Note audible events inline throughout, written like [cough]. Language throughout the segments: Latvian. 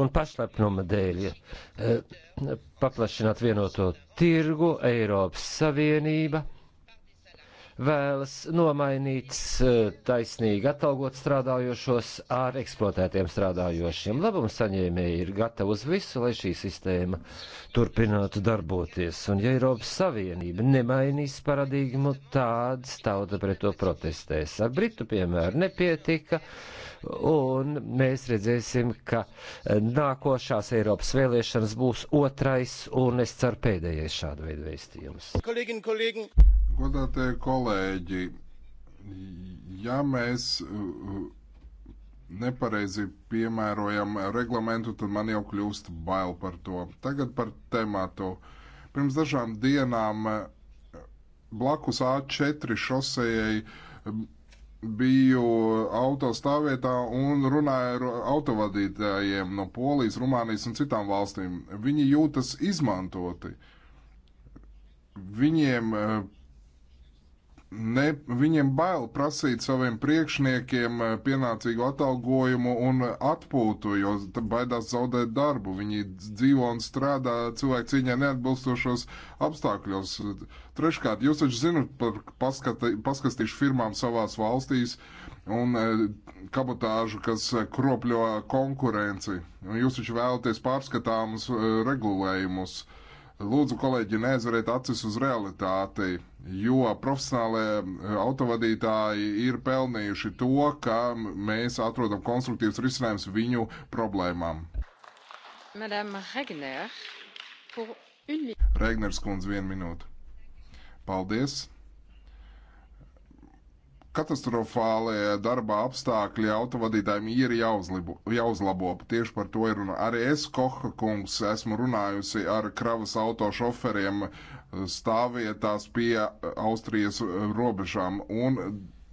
un pašlepnuma dēļ eh, paplašināt vienoto tirgu Eiropas Savienība vēlas nomainīt eh, taisnīgi atalgot strādājošos ar eksploatētiem strādājošiem. Labums saņēmēji ir gatavi uz visu, lai šī sistēma turpinātu darboties. Un ja Eiropas Savienība nemainīs paradigmu, tāds tauta pret to protestēs. Ar Britu piemēru nepietika. Un mēs redzēsim, ka eh, nākošās Eiropas vēlēšanas būs otrais un es ceru pēdējais šāda veida vēstījums. Kolēģin, kolēģin. Godātie kolēģi, ja mēs uh, nepareizi piemērojam reglamentu, tad man jau kļūst bail par to. Tagad par tematu. Pirms dažām dienām uh, blakus A4 šosejai um, biju autostāvvietā un runāju ar autovadītājiem no Polijas, Rumānijas un citām valstīm. Viņi jūtas izmantoti. Viņiem uh, ne, viņiem bail prasīt saviem priekšniekiem eh, pienācīgu atalgojumu un atpūtu, jo baidās zaudēt darbu. Viņi dzīvo un strādā cilvēku cīņā neatbilstošos apstākļos. Treškārt, jūs taču zinat par paskata, paskastīšu firmām savās valstīs un eh, kabotāžu, kas eh, kropļo konkurenci. Jūs taču vēlaties pārskatāmus regulējumus. Uh, Lūdzu, kolēģi, neaizveriet acis uz realitāti, jo profesionālie eh, autovadītāji ir pelnījuši to, ka mēs atrodam konstruktīvs risinājums viņu problēmām. Regner skundze, vienu minūtu. Paldies! katastrofālie darba apstākļi autovadītājiem ir jāuzlibo, jāuzlabo. Tieši par to ir runa. Arī es, Koha kungs, esmu runājusi ar kravas auto šoferiem eh, stāvvietās pie eh, Austrijas eh, robežām un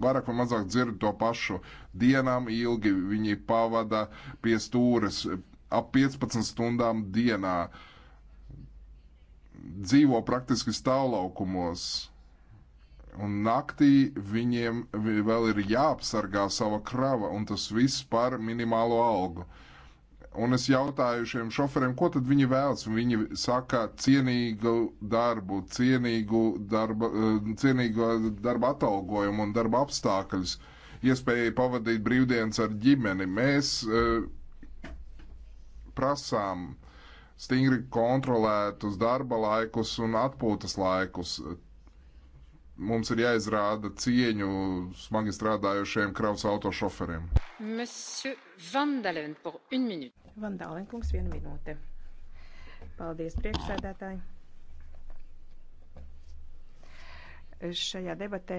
vairāk vai mazāk dzirdu to pašu. Dienām ilgi viņi pavada pie stūres ap 15 stundām dienā. Dzīvo praktiski stāvlaukumos un naktī viņiem vēl ir jāapsargā sava krava, un tas viss par minimālo algu. Un es jautāju šiem šoferiem, ko tad viņi vēlas. Viņi saka, cienīgu darbu, cienīgu darba, eh, cienīgu darba atalgojumu un darba apstākļus, iespēju pavadīt brīvdienas ar ģimeni. Mēs uh, prasām stingri kontrolētus darba laikus un atpūtas laikus mums ir jāizrāda cieņu smagi strādājošiem kravas autošoferiem. Vandalen, Vandalen kungs, viena minūte. Paldies, priekšsēdētāji. šajā debatē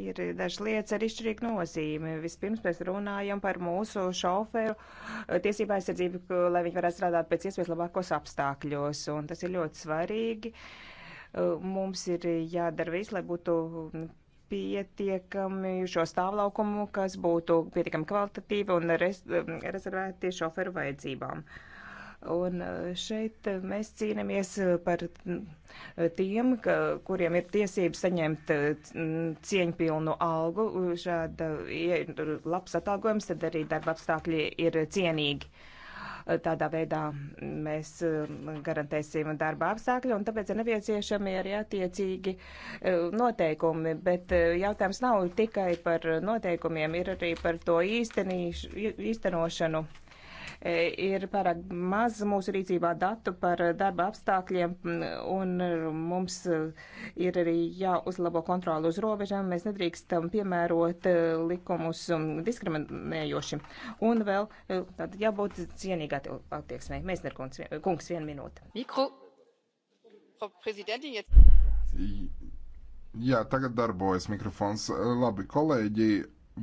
ir dažas lietas ar izšķirīgu nozīmi. Vispirms mēs runājam par mūsu šoferu eh, tiesībā aizsardzību, lai viņi varētu strādāt pēc iespējas labākos apstākļos, un tas ir ļoti svarīgi. Uh, Mums ir jādara viss, lai būtu pietiekami šo stāvlaukumu, kas būtu pietiekami kvalitatīvi un res, rezervēti šoferu vajadzībām. Un šeit mēs cīnāmies par tiem, ka, kuriem ir tiesības saņemt cieņpilnu algu. Šāda ja labs atalgojums, tad arī darba apstākļi ir cienīgi. Uh, Tādā veidā mēs um, garantēsim darba apstākļi, un tāpēc ir nepieciešami arī attiecīgi uh, noteikumi. Bet uh, jautājums nav tikai par noteikumiem, ir arī par to īstenīšu, īstenošanu. E, ir pārāk maz mūsu rīcībā datu par darba apstākļiem, un mums ir arī jāuzlabo kontroli uz robežām. Mēs nedrīkstam piemērot likumus diskriminējoši. Un vēl e, tad jābūt cienīgā attieksmē. Mēs, kungs, kungs vienu minūti. Mikro. Frau Präsidentin, jetzt. Jā, tagad darbojas mikrofons. Labi, kolēģi,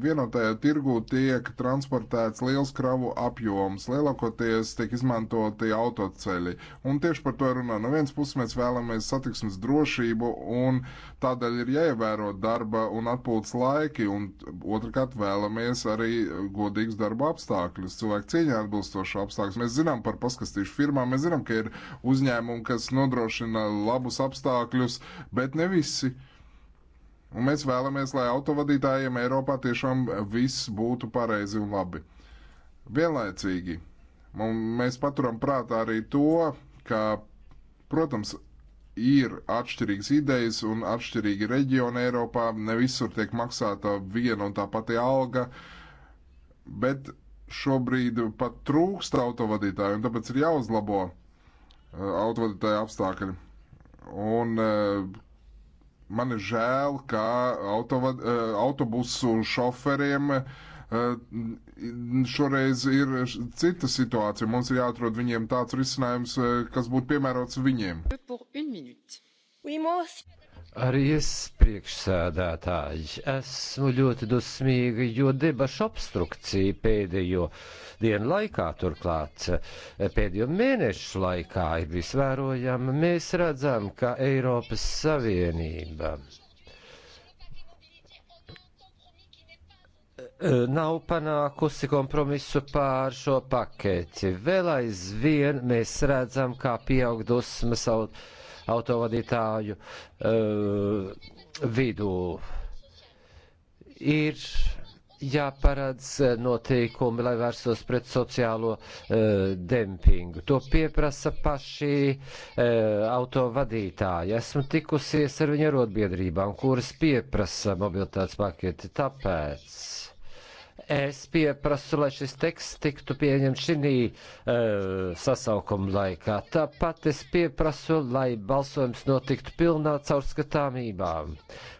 Vienotajā tirgū tiek transportēts liels kravu apjoms, lielākoties tiek izmantoti autoceļi. Un tieši par to runā. No vienas puses mēs vēlamies satiksmes drošību, un tādēļ ir jāievēro darba un atpūtas laiki, un otrkārt vēlamies arī godīgus darba apstākļus, cilvēku cieņā atbilstošu apstākļus. Mēs zinām par paskastīšu firmām, mēs zinām, ka ir uzņēmumi, kas nodrošina labus apstākļus, bet ne visi. Un mēs vēlamies, lai autovadītājiem Eiropā tiešām viss būtu pareizi un labi. Vienlaicīgi mēs paturam prātā arī to, ka, protams, ir atšķirīgas idejas un atšķirīgi reģioni Eiropā. Ne visur tiek maksāta viena un tā pati alga, bet šobrīd pat trūkst autovadītāju, un tāpēc ir jāuzlabo uh, autovadītāju apstākļi. Un uh, Man ir žēl, ka autovad, eh, autobusu šoferiem eh, šoreiz ir cita situācija. Mums ir jāatrod viņiem tāds risinājums, eh, kas būtu piemērots viņiem. Oui, Arī es priekšsēdētāji esmu ļoti dusmīga, jo debašu obstrukcija pēdējo dienu laikā, turklāt pēdējo mēnešu laikā ir visvērojama. Mēs redzam, ka Eiropas Savienība e, nav panākusi kompromisu pār šo paketi. Vēl aizvien mēs redzam, kā pieaug dusmas savu autovadītāju uh, eh, vidū. Ir jāparedz noteikumi, lai vērstos pret sociālo uh, dempingu. To pieprasa paši uh, autovadītāji. Esmu tikusies ar viņu arotbiedrībām, kuras pieprasa mobilitātes paketi. Tāpēc Es pieprasu, lai šis teksts tiktu pieņemts šī uh, sasaukuma laikā. Tāpat es pieprasu, lai balsojums notiktu pilnā caurskatāmībā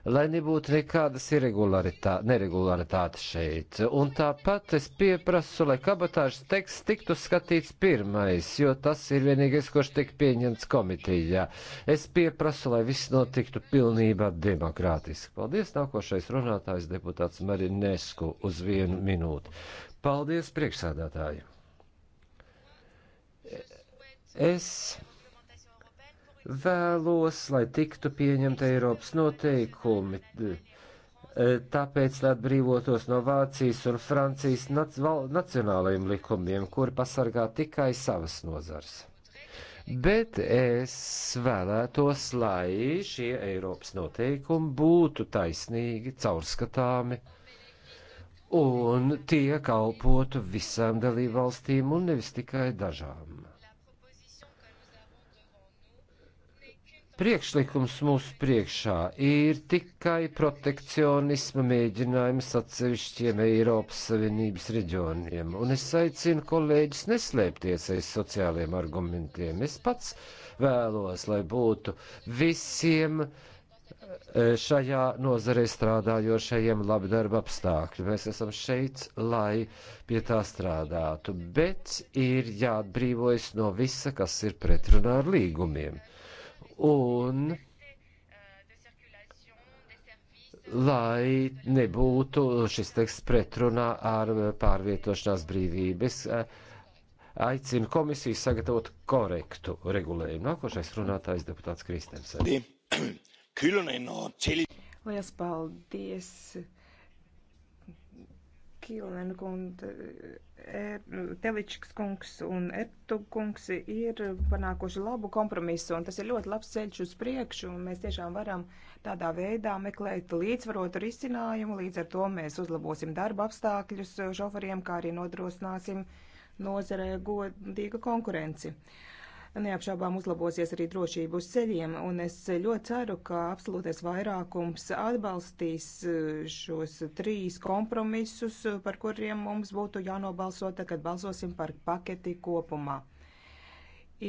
lai nebūtu nekādas neregularitātes šeit. Un tāpat es pieprasu, lai kabatāžas teksts tiktu skatīts pirmais, jo tas ir vienīgais, kurš tika pieņemts komitijā. Es pieprasu, lai viss notiktu pilnībā demokrātiski. Paldies, nākošais runātājs deputāts Marinesku uz vienu minūti. Paldies, priekšsādātāji! Es Vēlos, lai tiktu pieņemta Eiropas noteikumi, e, tāpēc, lai atbrīvotos no Vācijas un Francijas nac nacionālajiem likumiem, kuri pasargā tikai savas nozars. Bet es vēlētos, lai šie Eiropas noteikumi būtu taisnīgi, caurskatāmi un tie kalpotu visām dalībvalstīm un nevis tikai dažām. priekšlikums mūsu priekšā ir tikai protekcionisma mēģinājums atsevišķiem Eiropas Savienības reģioniem, un es aicinu kolēģis neslēpties aiz sociāliem argumentiem. Es pats vēlos, lai būtu visiem e, šajā nozarē strādājošajiem labi darba apstākļi. Mēs esam šeit, lai pie tā strādātu, bet ir jāatbrīvojas no visa, kas ir pretrunā ar līgumiem un lai nebūtu šis teksts pretrunā ar pārvietošanās brīvības. Eh, aicinu komisiju sagatavot korektu regulējumu. Nākošais runātājs deputāts Kristensen. [clears throat] Liels paldies! Kīlēna kunda, er, Teličs kungs un Ertu kungs ir panākuši labu kompromisu, un tas ir ļoti labs ceļš uz priekšu, un mēs tiešām varam tādā veidā meklēt līdzvarotu risinājumu, līdz ar to mēs uzlabosim darba apstākļus šoferiem, kā arī nodrošināsim nozarē godīgu konkurenci. Uh, neapšaubām uzlabosies arī drošība uz ceļiem, un es ļoti ceru, ka absolūtais vairākums atbalstīs eh, šos trīs kompromisus, eh, par kuriem mums būtu jānobalso, tagad balsosim par paketi kopumā.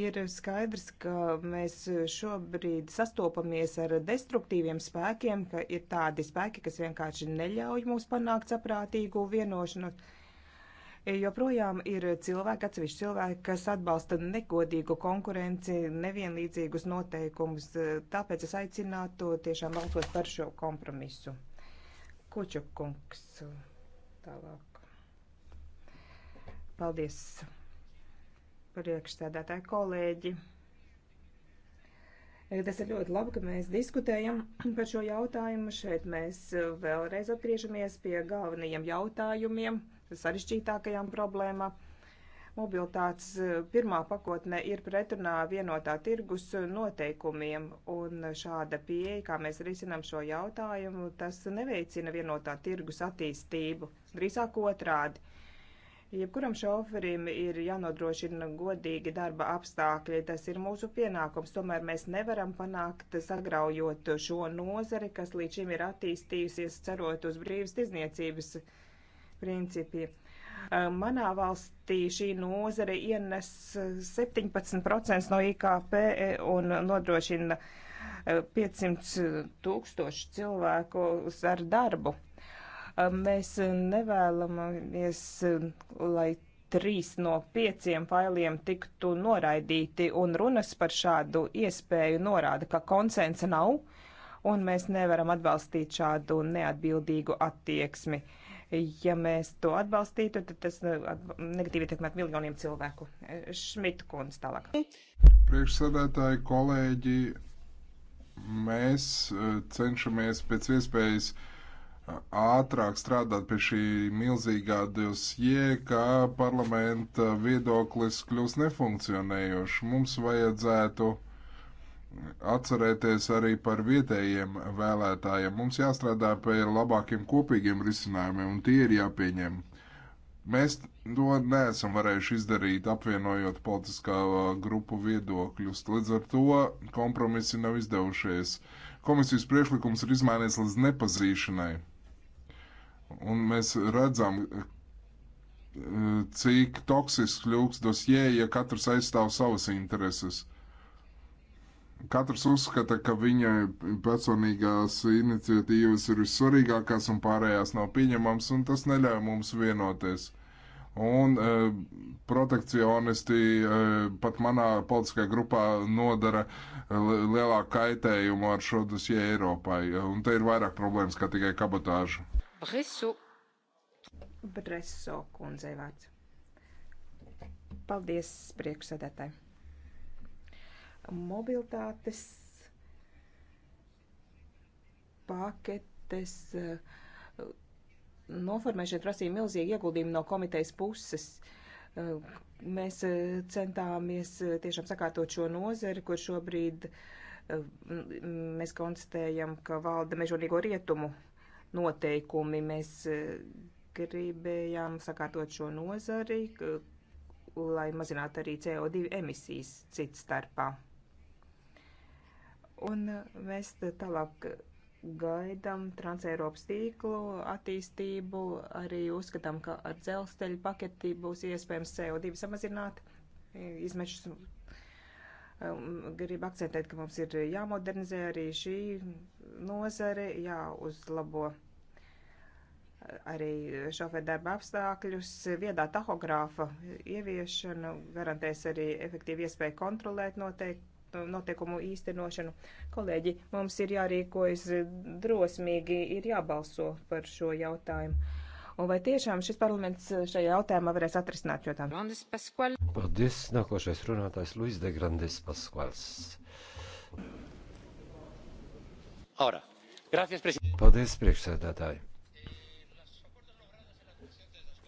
Ir skaidrs, ka mēs šobrīd sastopamies ar destruktīviem spēkiem, ka ir tādi spēki, kas vienkārši neļauj mums panākt saprātīgu vienošanos joprojām ir cilvēki, atsevišķi cilvēki, kas atbalsta negodīgu konkurenci, nevienlīdzīgus noteikumus. Tāpēc es aicinātu tiešām balsot par šo kompromisu. Kučukungs tālāk. Paldies priekšstādātāji kolēģi. Tas ir ļoti labi, ka mēs diskutējam par šo jautājumu. Šeit mēs vēlreiz atgriežamies pie galvenajiem jautājumiem sarežģītākajām problēmām. Mobiltātes eh, pirmā pakotne ir pretrunā vienotā tirgus noteikumiem, un šāda pieeja, kā mēs risinām šo jautājumu, tas neveicina vienotā tirgus attīstību, drīzāk otrādi. Jebkuram šoferim ir jānodrošina godīgi darba apstākļi, tas ir mūsu pienākums, tomēr mēs nevaram panākt sagraujot šo nozari, kas līdz šim ir attīstījusies cerot uz brīvas izniecības principi. Manā valstī šī nozare ienes 17% no IKP un nodrošina 500 tūkstošu cilvēku ar darbu. Mēs nevēlamies, lai trīs no pieciem failiem tiktu noraidīti, un runas par šādu iespēju norāda, ka konsensa nav, un mēs nevaram atbalstīt šādu neatbildīgu attieksmi. Uh, Ja mēs to atbalstītu, tad tas nu, negatīvi ietekmētu miljoniem cilvēku. Šmita kundze tālāk. Priekšsēdētāji, kolēģi, mēs e, cenšamies pēc iespējas e, ātrāk strādāt pie šī milzīgā dosjē, ka parlamenta viedoklis kļūs nefunkcionējošs. Mums vajadzētu atcerēties arī par vietējiem vēlētājiem. Mums jāstrādā pie labākiem kopīgiem risinājumiem, un tie ir jāpieņem. Mēs to neesam varējuši izdarīt, apvienojot politiskā grupu viedokļus. Līdz ar to kompromisi nav izdevušies. Komisijas priekšlikums ir izmainīts līdz nepazīšanai. Un mēs redzam, cik toksisks kļūst dosjē, ja katrs aizstāv savas intereses. Katrs uzskata, ka viņa personīgās iniciatīvas ir vissvarīgākās un pārējās nav pieņemams, un tas neļauj mums vienoties. Un e, protekcionisti e, pat manā politiskajā grupā nodara e, lielāku kaitējumu ar šo dosie Eiropai. Un te ir vairāk problēmas kā tikai kabotāžu. Bresu. Breso kundzei vārds. Paldies priekšsēdētāji mobilitātes paketes noformēšana prasīja milzīgi ieguldījumu no komitejas puses. Mēs eh, centāmies eh, tiešām sakārtot šo nozari, kur šobrīd eh, mēs konstatējam, ka valda mežonīgo rietumu noteikumi. Mēs gribējām sakārtot šo nozari, lai mazinātu arī CO2 emisijas cits starpā. Un uh, mēs tālāk gaidām Transeiropas tīklu attīstību, arī uzskatām, ka ar dzelzceļu paketi būs iespējams CO2 samazināt izmešus. Um, Gribu akcentēt, ka mums ir jāmodernizē arī šī nozare, jāuzlabo uh, arī šoferu darba apstākļus. Viedā tahogrāfa ieviešana garantēs arī efektīvu iespēju kontrolēt noteikti noteikumu īstenošanu. Kolēģi, mums ir jārīkojas drosmīgi, ir jābalso par šo jautājumu. Un vai tiešām šis parlaments šajā jautājumā varēs atrisināt jautājumu? Paldies, nākošais runātājs Luis de Grandes Paskuals. Paldies, priekšsēdētāji.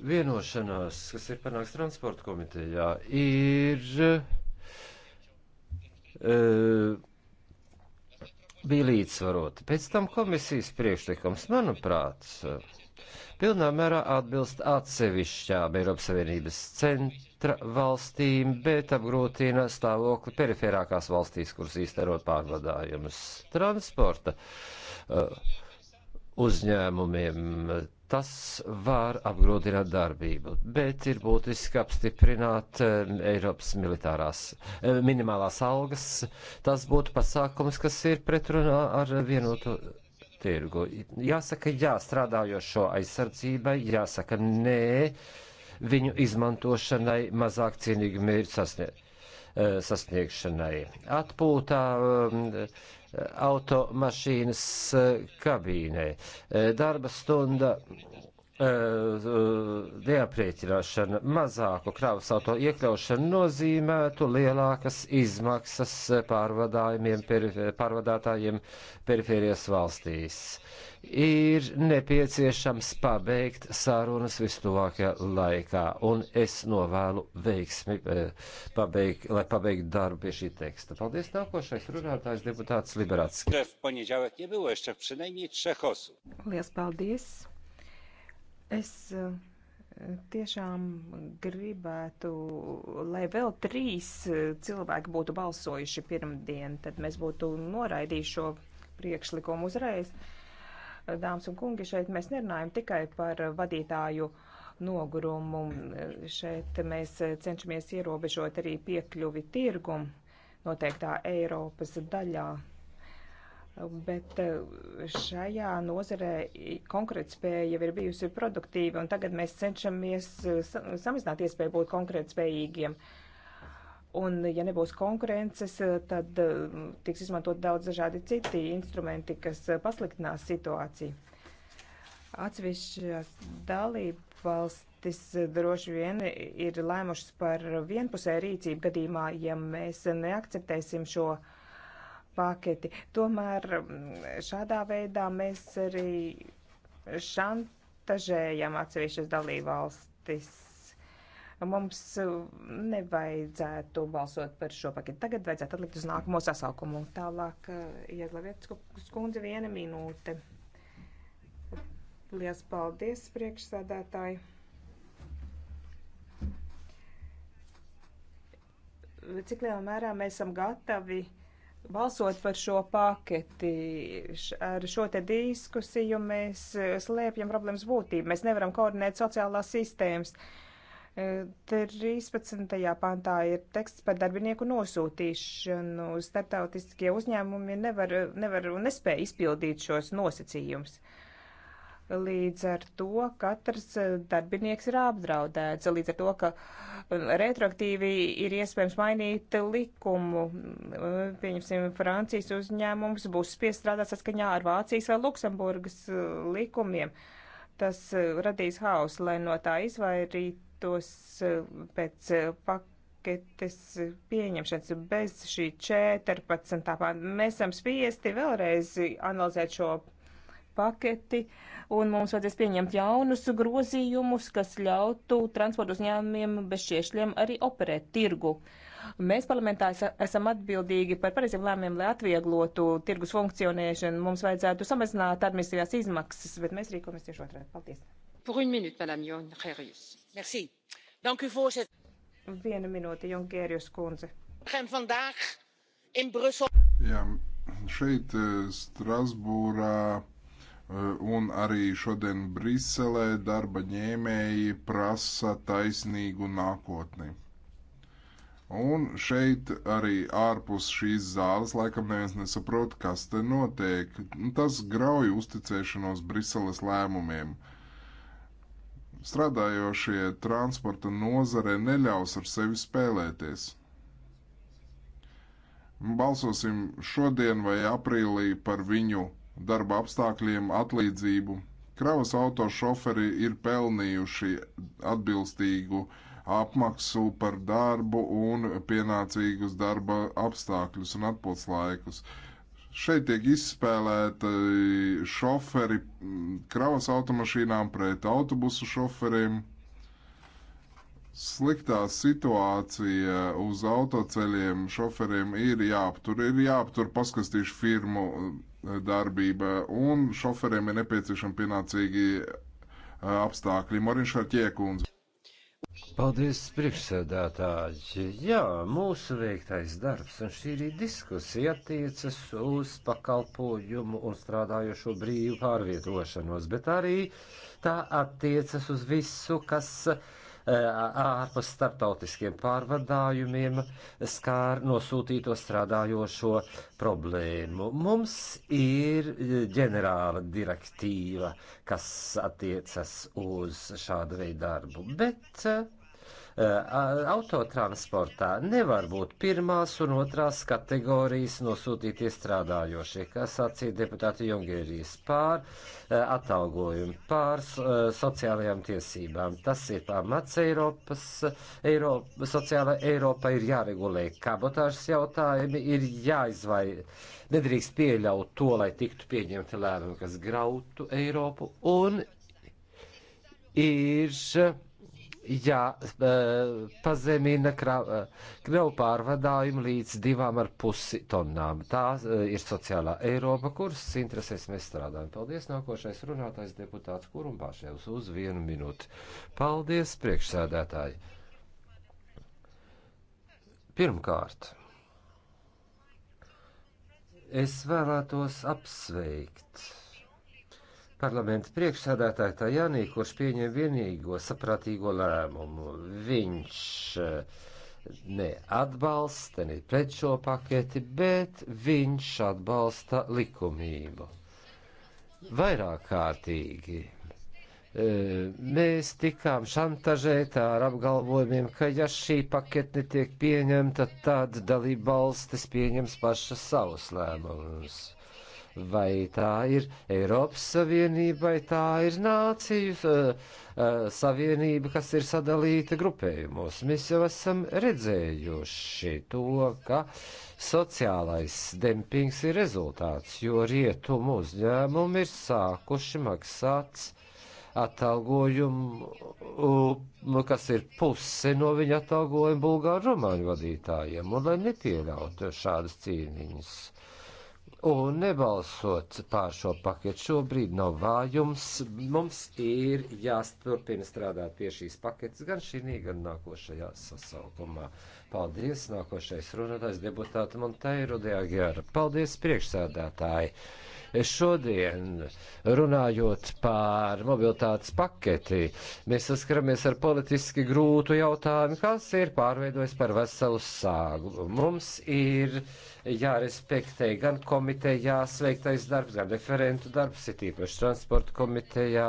Vienošanās, kas ir panāks transporta komitejā, ir Eh, bija līdzsvarota. Pēc tam komisijas priekšlikums, manuprāt, pilnā mērā atbilst atsevišķām Eiropas Savienības centra valstīm, bet apgrūtina stāvokli periferākās valstīs, kuras īstenot pārvadājumus transporta eh, uzņēmumiem tas var apgrūtināt darbību, bet ir būtiski apstiprināt eh, Eiropas militārās eh, minimālās algas. Tas būtu pasākums, kas ir pretrunā ar vienotu tirgu. Jāsaka, jā, strādājošo aizsardzībai, jāsaka, nē, viņu izmantošanai mazāk cienīgu mērķu eh, sasniegšanai. Atpūtā automašīnas eh, kabīnē. Eh, darba stunda Eh, eh, neaprēķināšana, mazāku kravas auto iekļaušana nozīmētu lielākas izmaksas pārvadājumiem, per, pārvadātājiem perifērijas valstīs. Ir nepieciešams pabeigt sarunas vistuvākajā laikā, un es novēlu veiksmi, eh, pabeig, lai pabeigtu darbu pie šī teksta. Paldies, nākošais runātājs deputāts Liberāts. Lielas paldies! Es eh, tiešām gribētu, lai vēl trīs eh, cilvēki būtu balsojuši pirmdien, tad mēs būtu noraidījuši šo priekšlikumu uzreiz. Eh, dāmas un kungi, šeit mēs nerunājam tikai par vadītāju nogurumu. Šeit mēs cenšamies ierobežot arī piekļuvi tirgumu noteiktā Eiropas daļā bet eh, šajā nozarē konkurētspēja jau ir bijusi produktīva, un tagad mēs cenšamies eh, samazināt iespēju būt konkurētspējīgiem. Un, ja nebūs konkurences, eh, tad tiks izmantot daudz dažādi citi instrumenti, kas pasliktinās situāciju. Atsevišķās dalība valstis droši vien ir lēmušas par vienpusē rīcību gadījumā, ja mēs neakceptēsim šo uh, paketi. Tomēr mm, šādā veidā mēs arī šantažējam atsevišķas dalībvalstis. Mums nevajadzētu balsot par šo paketu. Tagad vajadzētu atlikt uz nākamo sasaukumu. Tālāk, eh, Iezlaviets skundze, viena minūte. Lielas paldies, priekšsādātāji! Cik lielā mērā mēs esam gatavi uh, Balsot par šo paketi, ar šo te diskusiju mēs e, slēpjam problēmas būtību. Mēs nevaram koordinēt sociālās sistēmas. 13. E, pantā ir teksts par darbinieku nosūtīšanu. Startautiskie uzņēmumi nevar, nevar un nespēja izpildīt šos nosacījumus. Līdz ar to katrs eh, darbinieks ir apdraudēts. Līdz ar to, ka eh, retroaktīvi ir iespējams mainīt likumu. Eh, pieņemsim, Francijas uzņēmums būs spiest strādāt saskaņā ar Vācijas vai Luksemburgas likumiem. Tas radīs haus, lai no tā izvairītos pēc paketes pieņemšanas bez šī 14. Mēs esam spiesti vēlreiz analizēt šo paketi, un mums vajadzēs pieņemt jaunus grozījumus, kas ļautu transporta uzņēmumiem bez šiešļiem arī operēt tirgu. Mēs parlamentā esam atbildīgi par pareiziem lēmumiem, lai atvieglotu tirgus funkcionēšanu. Mums vajadzētu samazināt administratīvās izmaksas, bet mēs rīkojamies tieši otrādi. Paldies! Viena minūte, Junkērijas kundze. Jā, šeit eh, Strasbūrā Eh, un arī šodien Briselē darba ņēmēji prasa taisnīgu nākotni. Un šeit arī ārpus šīs zāles laikam neviens nesaprot, kas te notiek. Nu, tas grauj uzticēšanos Briseles lēmumiem. Strādājošie transporta nozare neļaus ar sevi spēlēties. Balsosim šodien vai aprīlī par viņu darba apstākļiem, atlīdzību. Kravas autošoferi ir pelnījuši atbilstīgu apmaksu par darbu un pienācīgus darba apstākļus un atpūtslaikus. Šeit tiek izspēlēti šoferi mm, kravas automašīnām pret autobusu šoferiem. Sliktā situācija uz autoceļiem šoferiem ir jāaptur, ir jāaptur paskastīšu firmu darbība, un šoferiem ir nepieciešami pienācīgi apstākļi. Morins Šarķie kundze. Paldies, priekšsēdētāji! Jā, mūsu veiktais darbs un šī arī diskusija attiecas uz pakalpojumu un strādājošo brīvu pārvietošanos, bet arī tā attiecas uz visu, kas uh, ārpus starptautiskiem pārvadājumiem skār nosūtīto strādājošo problēmu. Mums ir ģenerāla direktīva, kas attiecas uz šādu veidu darbu, bet Eh, autotransportā nevar būt pirmās un otrās kategorijas nosūtīti strādājošie, kas sacīja deputāti Jungerijas pār eh, atalgojumu, pār eh, sociālajām tiesībām. Tas ir pamats Eiropas, Eiropa, sociāla Eiropa ir jāregulē. Kabotāžas jautājumi ir jāizvairīt. Nedrīkst pieļaut to, lai tiktu pieņemti lēmumi, kas grautu Eiropu un ir jāpazemina e, kravu e, pārvadājumu līdz divām ar pusi tonnām. Tā e, ir sociālā Eiropa, kuras interesēs mēs strādājam. Paldies, nākošais runātājs deputāts Kurumbāševs uz vienu minūti. Paldies, priekšsēdētāji. Pirmkārt, es vēlētos apsveikt parlamenta priekšsēdētāja Tajānī, kurš pieņem vienīgo saprātīgo lēmumu. Viņš eh, neatbalsta, ne pret šo paketi, bet viņš atbalsta likumību. Vairāk kārtīgi eh, mēs tikām šantažētā ar apgalvojumiem, ka ja šī pakete netiek pieņemta, tad dalība valstis pieņems pašas savus lēmumus vai tā ir Eiropas Savienība, vai tā ir nāciju uh, uh, savienība, kas ir sadalīta grupējumos. Mēs jau esam redzējuši to, ka sociālais dempings ir rezultāts, jo rietumu uzņēmumi ir sākuši maksāt atalgojumu, eh, kas ir puse no viņa atalgojuma Bulgāru romāņu vadītājiem, un lai nepieļautu šādas cīniņas un nebalsot pār šo paketu šobrīd nav vājums. Mums ir jāsturpina strādāt pie šīs paketes gan šī, gan nākošajā sasaukumā. Paldies, nākošais runātājs deputāta Monteiro de Agiara. Paldies, priekšsēdētāji! Šodien, runājot par mobilitātes paketi, mēs saskaramies ar politiski grūtu jautājumu, kas ir pārveidojis par veselu sāgu. Mums ir jārespektē gan komitejās veiktais darbs, gan referentu darbs, ir tīpaši transporta komitejā.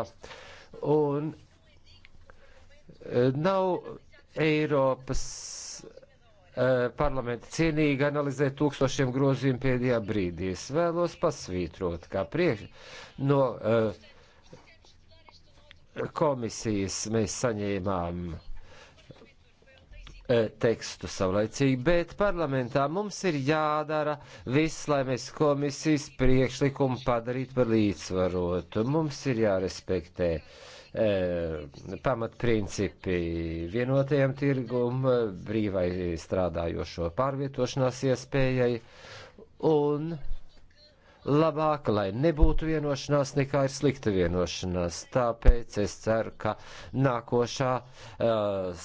Un eh, nav Eiropas Eh, parlamenti cienīgi analizē tūkstošiem grozījumu pēdējā brīdī. Es vēlos pasvītrot, kā priekš no uh, komisijas mēs saņēmām eh, tekstu savlaicīgi, bet parlamentā mums ir jādara viss, lai mēs komisijas priekšlikumu padarītu par līdzsvarotu. Mums ir jārespektē uh, Eh, pamatprincipi vienotajam tirgum, brīvai strādājošo pārvietošanās iespējai un labāk, lai nebūtu vienošanās, nekā ir slikta vienošanās. Tāpēc es ceru, ka nākošā uh,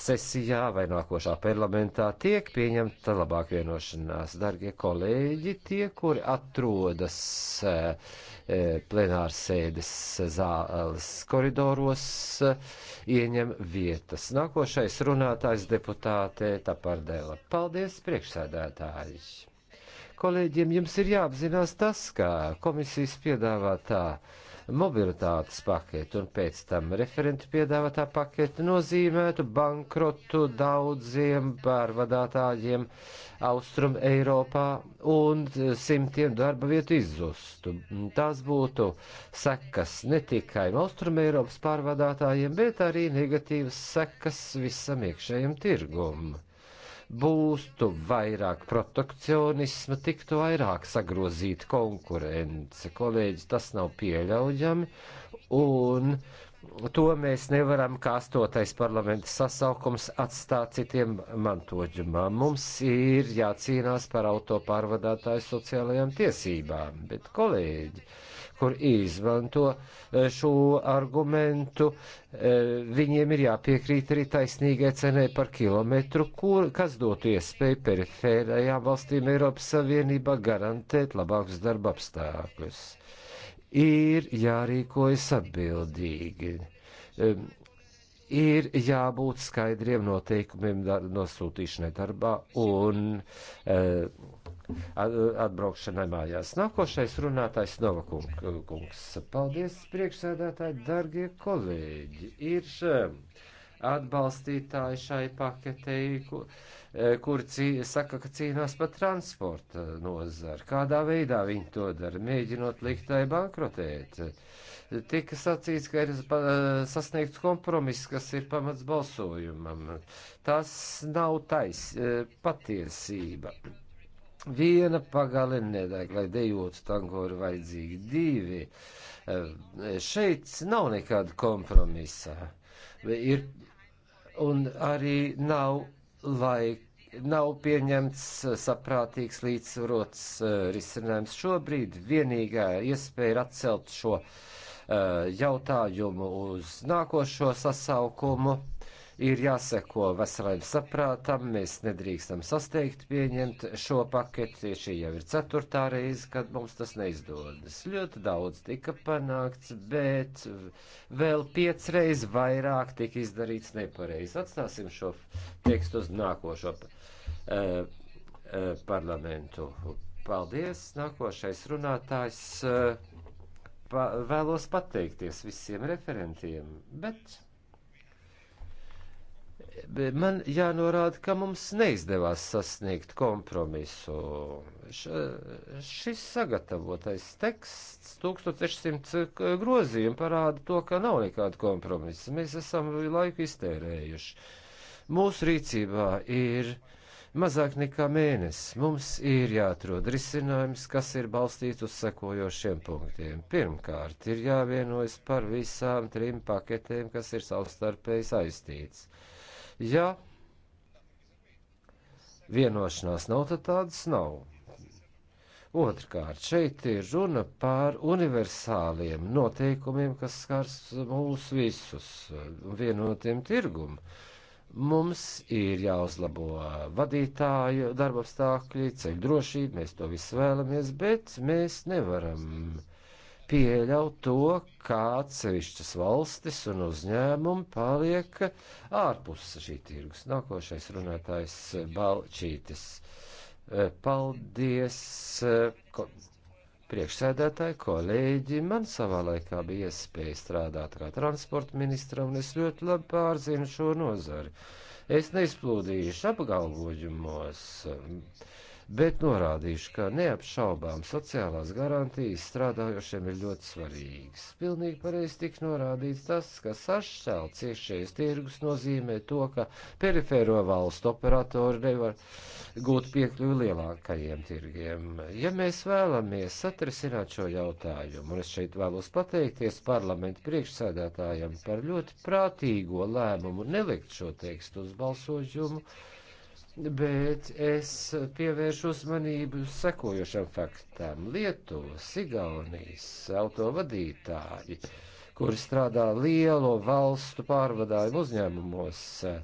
sesijā vai nākošā parlamentā tiek pieņemta labāk vienošanās. Dargie kolēģi, tie, kuri atrodas uh, uh, plenārsēdes zāles koridoros, uh, ieņem vietas. Nākošais runātājs deputāte Tapardēla. Paldies, priekšsēdētāji! kolēģiem, jums ir jāapzinās tas, ka komisijas piedāvātā mobilitātes paketi un pēc tam referentu piedāvātā paketi nozīmētu bankrotu daudziem pārvadātājiem Austrum Eiropā un simtiem darba vietu izzustu. Tās būtu sekas ne tikai Austrum Eiropas pārvadātājiem, bet arī negatīvas sekas visam iekšējiem tirgumam būtu vairāk protekcionisma, tiktu vairāk sagrozīta konkurence. Kolēģi, tas nav pieļaujami, un to mēs nevaram kā astotais parlamenta sasaukums atstāt citiem mantoģumam. Mums ir jācīnās par autopārvadātāju sociālajām tiesībām, bet kolēģi kur izmanto e, šo argumentu, e, viņiem ir jāpiekrīt arī taisnīgai cenai par kilometru, kur, kas dotu iespēju perifērajām valstīm Eiropas Savienībā garantēt labākus darba apstākļus. Ir jārīkojas atbildīgi e, ir jābūt skaidriem noteikumiem dar nosūtīšanai darbā un e, atbraukšanai mājās. Nākošais runātājs Novakungs. Paldies, priekšsēdētāji, dargie kolēģi. Ir eh, atbalstītāji šai paketei, kur, eh, kur cī, saka, ka cīnās par transporta nozaru. Kādā veidā viņi to dara, mēģinot liktai bankrotēt. Tika sacīts, ka ir eh, sasniegts kompromiss, kas ir pamats balsojumam. Tas nav tais, patiesība Viena pagale nedēļ, lai dejotu tango, ir vajadzīgi divi. Eh, šeit nav nekāda kompromisa. Ir, un arī nav laika. Nav pieņemts saprātīgs līdzsvarots eh, risinājums šobrīd. Vienīgā iespēja ir atcelt šo eh, jautājumu uz nākošo sasaukumu ir jāseko veselēm saprātam, mēs nedrīkstam sasteigt pieņemt šo paketi, šī jau ir ceturtā reize, kad mums tas neizdodas. Ļoti daudz tika panākts, bet vēl piecreiz vairāk tika izdarīts nepareizi. Atstāsim šo tekstu uz nākošo uh, uh, parlamentu. Paldies, nākošais runātājs. Uh, pa, vēlos pateikties visiem referentiem, bet man jānorāda, ka mums neizdevās sasniegt kompromisu. Š, šis sagatavotais teksts, 1600 eh, grozījumi, parāda to, ka nav nekāda kompromisa. Mēs esam laiku iztērējuši. Mūsu rīcībā ir mazāk nekā mēnesis. Mums ir jāatrod risinājums, kas ir balstīts uz sekojošiem punktiem. Pirmkārt, ir jāvienojas par visām trim paketēm, kas ir savstarpēji saistīts Ja vienošanās nav, tad tādas nav. Otrkārt, šeit ir runa par universāliem noteikumiem, kas skars mūs visus vienotiem tirgumu. Mums ir jāuzlabo vadītāju darba apstākļi, ceļu drošība, mēs to visu vēlamies, bet mēs nevaram uh, pieļauj to, ka atsevišķas valstis un uzņēmumi paliek ārpus šī tirgus. Nākošais runātājs Balčītis. Eh, paldies! Eh, ko, priekšsēdētāji, kolēģi, man savā laikā bija iespēja strādāt kā transporta ministra, un es ļoti labi pārzinu šo nozari. Es neizplūdīšu apgalvojumos. Uh, bet norādīšu, ka neapšaubām sociālās garantijas strādājošiem ir ļoti svarīgas. Pilnīgi pareizi tik norādīts tas, ka sašķelts iekšējais tirgus nozīmē to, ka perifēro valstu operatori nevar gūt piekļuvi lielākajiem tirgiem. Ja mēs vēlamies atrisināt šo jautājumu, un es šeit vēlos pateikties parlamentu priekšsēdētājiem par ļoti prātīgo lēmumu nelikt šo tekstu uz balsojumu, bet es pievēršu uzmanību sekojošam faktam. Lietuvas, Igaunijas autovadītāji, kuri strādā lielo valstu pārvadājumu uzņēmumos, eh,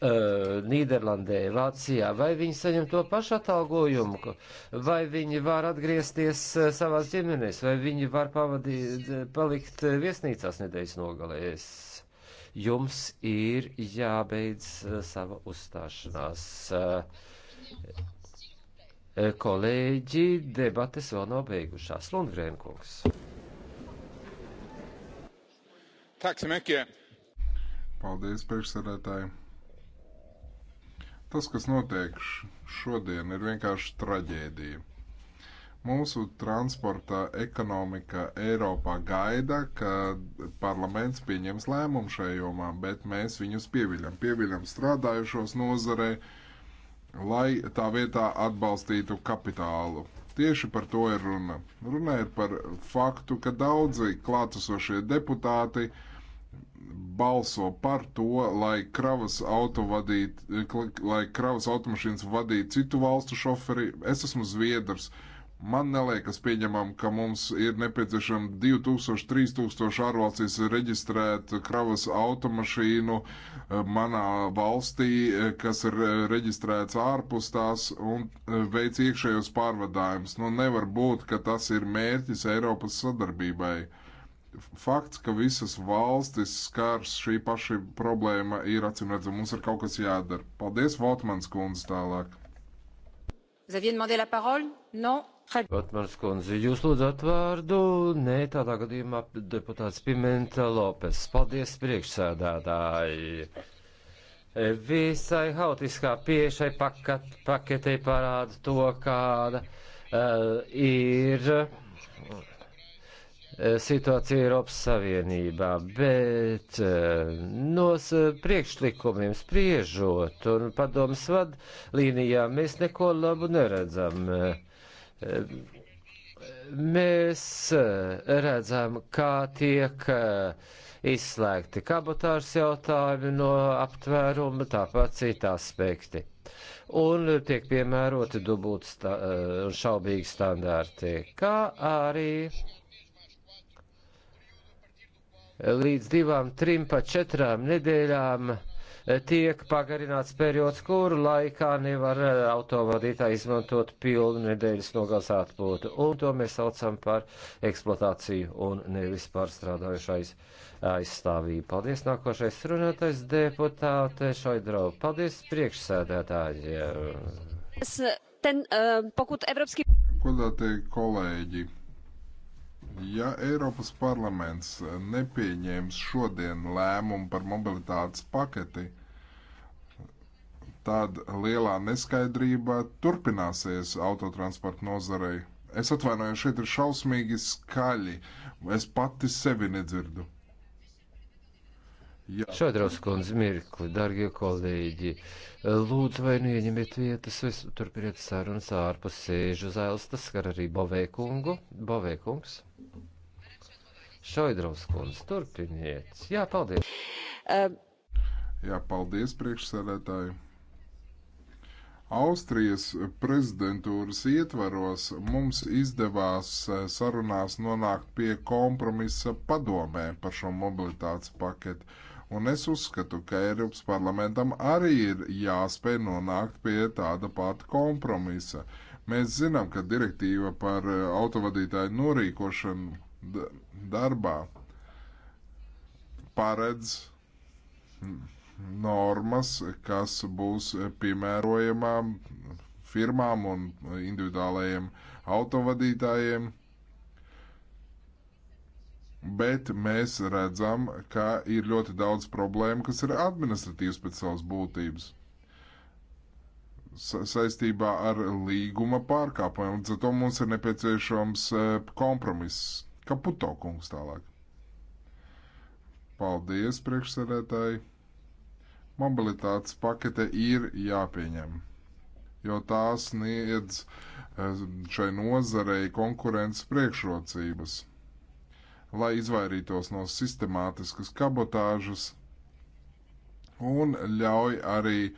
Nīderlandē, Vācijā, vai viņi saņem to pašu atalgojumu, vai viņi var atgriezties eh, savās ģimenēs, vai viņi var pavadīt, palikt eh, viesnīcās nedēļas nogalēs jums ir jābeidz eh, sava uzstāšanās. Eh, eh, kolēģi, debates vēl nav beigušās. Lundgrēnkungs. Paldies, priekšsēdētāji. Tas, kas notiek šodien, ir vienkārši traģēdija. Mūsu transporta ekonomika Eiropā gaida, ka parlaments pieņems lēmumu šajā jomā, bet mēs viņus pieviļam. Pieviļam strādājušos nozarē, lai tā vietā atbalstītu kapitālu. Tieši par to ir runa. Runa ir par faktu, ka daudzi klātesošie deputāti balso par to, lai kravas, auto vadīt, lai kravas automašīnas vadītu citu valstu šoferi. Es esmu Zviedrs. Uh, Man neliekas pieņemam, ka mums ir nepieciešama 2000, 3000 ārvalstīs reģistrētu kravas automašīnu eh, manā valstī, eh, kas ir eh, reģistrēts ārpus tās un veic iekšējos pārvadājumus. Nu, nevar būt, ka tas ir mērķis Eiropas sadarbībai. Fakts, ka visas valstis skars šī paša problēma, ir acīmredzama. Mums ir kaut kas jādara. Paldies, Votmans kundze, tālāk. Vous aviez demandé la parole? Non? Vatmans kundze, jūs lūdzat vārdu? Nē, tādā gadījumā deputāts Pimenta Lopes. Paldies, priekšsēdētāji. Visai hautiskā piešai pakat, paketei parāda to, kāda uh, ir uh, situācija Eiropas Savienībā, bet uh, eh, no priekšlikumiem spriežot un padomas vadlīnijām mēs neko labu neredzam. Uh, mēs eh, redzam, kā tiek eh, izslēgti kabotāžas jautājumi no aptvēruma, tāpat citi aspekti. Un tiek piemēroti dubult sta eh, šaubīgi standārti, kā arī līdz divām, trim pa četrām nedēļām tiek pagarināts periods, kuru laikā nevar eh, autovadītāji izmantot pilnu nedēļas nogals atpūtu. Un to mēs saucam par eksploatāciju un nevis pārstrādājušais aizstāvību. Paldies nākošais runātais deputāte Šaidrau. Paldies priekšsēdētāji. Ten, uh, pokud evropský... Kodātie kolēģi, Ja Eiropas parlaments nepieņēms šodien lēmumu par mobilitātes paketi, tad lielā neskaidrība turpināsies autotransporta nozarei. Es atvainojos, šeit ir šausmīgi skaļi. Es pati sevi nedzirdu. Šādraus kundze mirkli, dargie kolēģi, lūdzu vai neieņemiet nu vietas, es turpiniet sarunas ārpus sēžu zāles, tas skar arī Bovēkungu, Bovēkungs. Šādraus kundze, turpiniet. Jā, paldies. Um. Jā, paldies priekšsēdētāji. Austrijas prezidentūras ietvaros mums izdevās eh, sarunās nonākt pie kompromisa padomē par šo mobilitātes paketu. Un es uzskatu, ka Eiropas parlamentam arī ir jāspēj nonākt pie tāda pati kompromisa. Mēs zinām, ka direktīva par eh, autovadītāju norīkošanu darbā paredz hmm, normas, kas būs piemērojamām firmām un individuālajiem autovadītājiem. Bet mēs redzam, ka ir ļoti daudz problēmu, kas ir administratīvas pēc savas būtības saistībā ar līguma pārkāpumiem. Līdz ar to mums ir nepieciešams e, kompromiss. Kaputo kungs tālāk. Paldies, priekšsēdētāji! mobilitātes pakete ir jāpieņem, jo tās sniedz eh, šai nozarei konkurences priekšrocības. Lai izvairītos no sistemātiskas kabotāžas un ļauj arī eh,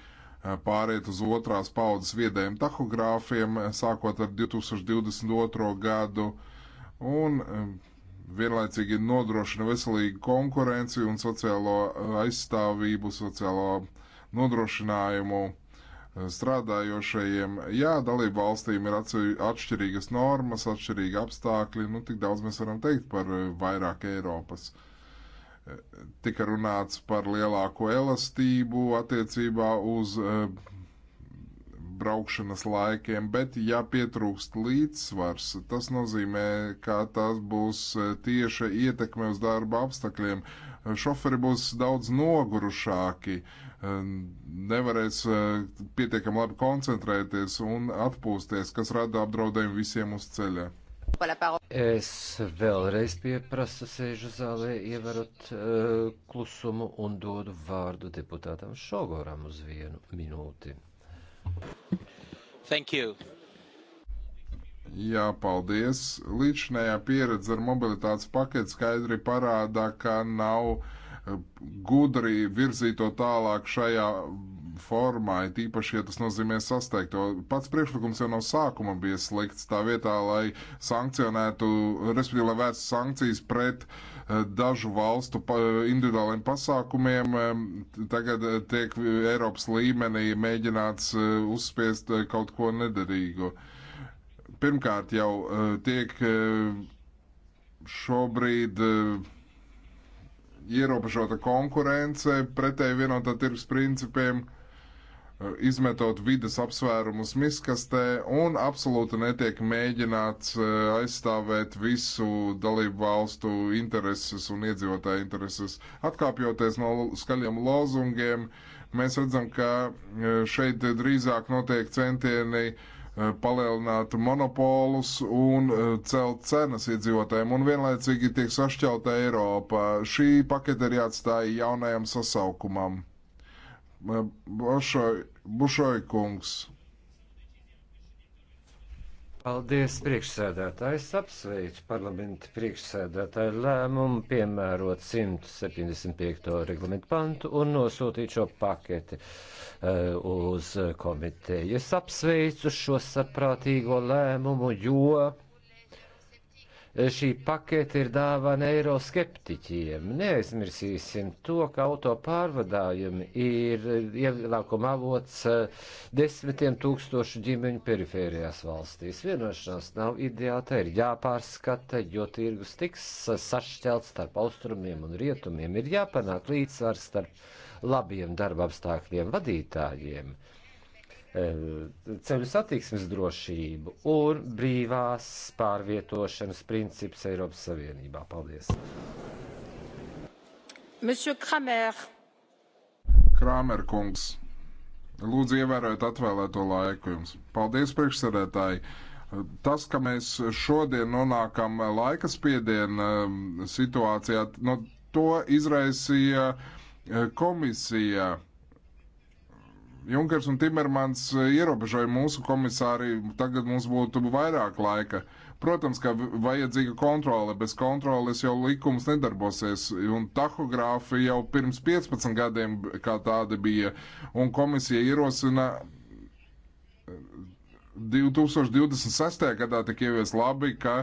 pāriet uz otrās paudzes viedajiem tahogrāfiem, sākot ar 2022. gadu, un eh, vienlaicīgi nodrošina veselīgu konkurenci un sociālo eh, aizstāvību, sociālo nodrošinājumu eh, strādājošajiem. Jā, dalību valstīm ir atšķirīgas normas, atšķirīgi apstākļi, nu tik daudz mēs varam teikt par eh, vairāk Eiropas. Tika runāts par lielāko elastību attiecībā uz braukšanas laikiem, bet ja pietrūkst līdzsvars, tas nozīmē, ka tas būs e, tieša ietekme uz darba apstākļiem. Šoferi būs daudz nogurušāki, e, nevarēs e, pietiekami labi koncentrēties un atpūsties, kas rada apdraudējumu visiem uz ceļa. Es vēlreiz pieprasu sēžu zālē, ievarot uh, klusumu un dodu vārdu deputātam Šogoram uz vienu minūti. Thank you. Jā, paldies. Līdzinējā pieredze ar mobilitātes paketu skaidri parādā, ka nav eh, gudri virzīt to tālāk šajā formā, tīpaši, ja tas nozīmē sasteigto. Pats priekšlikums jau no sākuma bija slikts tā vietā, lai sankcionētu, respektīvi, lai vērstu sankcijas pret uh, Eh, dažu valstu eh, individuāliem pasākumiem tagad eh, tiek Eiropas līmenī mēģināts uzspiest kaut ko nederīgu. Pirmkārt jau tiek šobrīd ierobežota konkurence pretēji vienotā tirgus principiem. Uh, Eh, izmetot vidas apsvērumus miskastē un absolūti netiek mēģināts eh, aizstāvēt visu dalību valstu intereses un iedzīvotāju intereses. Atkāpjoties no skaļiem lozungiem, mēs redzam, ka eh, šeit drīzāk notiek centieni palielināt monopolus un celt cenas iedzīvotājiem, un vienlaicīgi tiek sašķelta Eiropa. Šī pakete ir jāatstāja jaunajam sasaukumam. Bušoja kungs. Paldies, priekšsēdētājs apsveic parlamenta priekšsēdētāju lēmumu piemērot 175. reglamentu pantu un nosūtīt šo paketi uh, uz komiteju. Es apsveicu šo saprātīgo lēmumu, jo šī pakete ir dāvana eiroskeptiķiem. Neaizmirsīsim to, ka auto pārvadājumi ir ievākuma avots eh, desmitiem tūkstošu ģimeņu perifērijās valstīs. Vienošanās nav ideāla, tā ir jāpārskata, jo tirgus tiks sašķelts starp austrumiem un rietumiem. Ir jāpanāk līdzsvars starp labiem darba apstākļiem vadītājiem Eh, ceļu satiksmes drošību un brīvās pārvietošanas princips Eiropas Savienībā. Paldies! Monsieur Kramer. Kramer kungs, lūdzu ievērojiet atvēlēto laiku jums. Paldies, priekšsēdētāji! Tas, ka mēs šodien nonākam laika spiediena um, situācijā, no to izraisīja eh, komisija Junkers un Timermans eh, ierobežoja mūsu komisāri, tagad mums būtu vairāk laika. Protams, ka vajadzīga kontrole, bez kontroles jau likums nedarbosies, un tahogrāfi jau pirms 15 gadiem kā tāda bija, un komisija ierosina 2026. gadā tika ievies labi, ka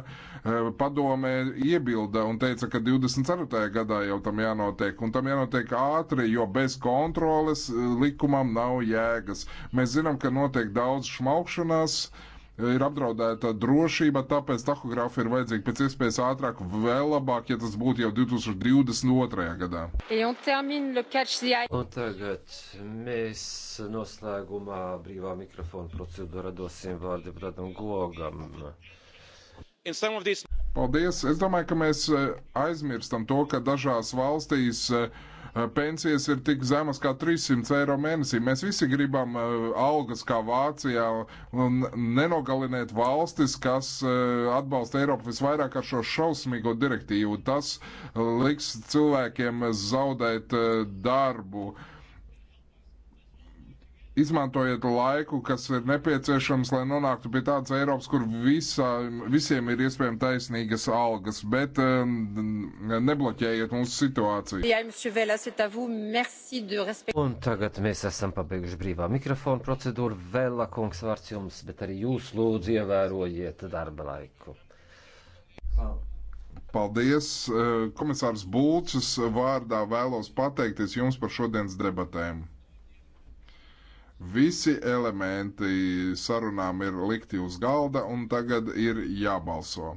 e, padomē iebilda un teica, ka 24. gadā jau tam jānotiek, un tam jānotiek ātri, jo bez kontroles e, likumam nav jēgas. Mēs zinām, ka notiek daudz šmaukšanās, uh, jo ir apdraudēta drošība, tāpēc tahogrāfi ir vajadzīgi pēc iespējas ātrāk, vēl labāk, ja tas būtu jau 2022. gadā. Un tagad mēs noslēgumā brīvā mikrofona procedūra dosim vārdu deputātam Gogam. Paldies! Es domāju, ka mēs eh, aizmirstam to, ka dažās valstīs uh, Eh, pensijas ir tik zemas kā 300 eiro mēnesī. Mēs visi gribam eh, algas kā Vācijā un nenogalinēt valstis, kas eh, atbalsta Eiropu visvairāk ar šo šausmīgo direktīvu. Tas liks cilvēkiem zaudēt darbu. Uh, Izmantojiet laiku, kas ir nepieciešams, lai nonāktu pie tādas Eiropas, kur visā, visiem ir iespējami taisnīgas algas, bet um, nebloķējiet mūsu situāciju. Un tagad mēs esam pabeiguši brīvā mikrofona procedūru. Vēlā kungs vārds jums, bet arī jūs lūdzu ievērojiet darba laiku. Paldies. Paldies! Uh, komisārs Bulčs vārdā vēlos pateikties jums par šodienas debatēm. Visi elementi sarunām ir likti uz galda un tagad ir jābalso.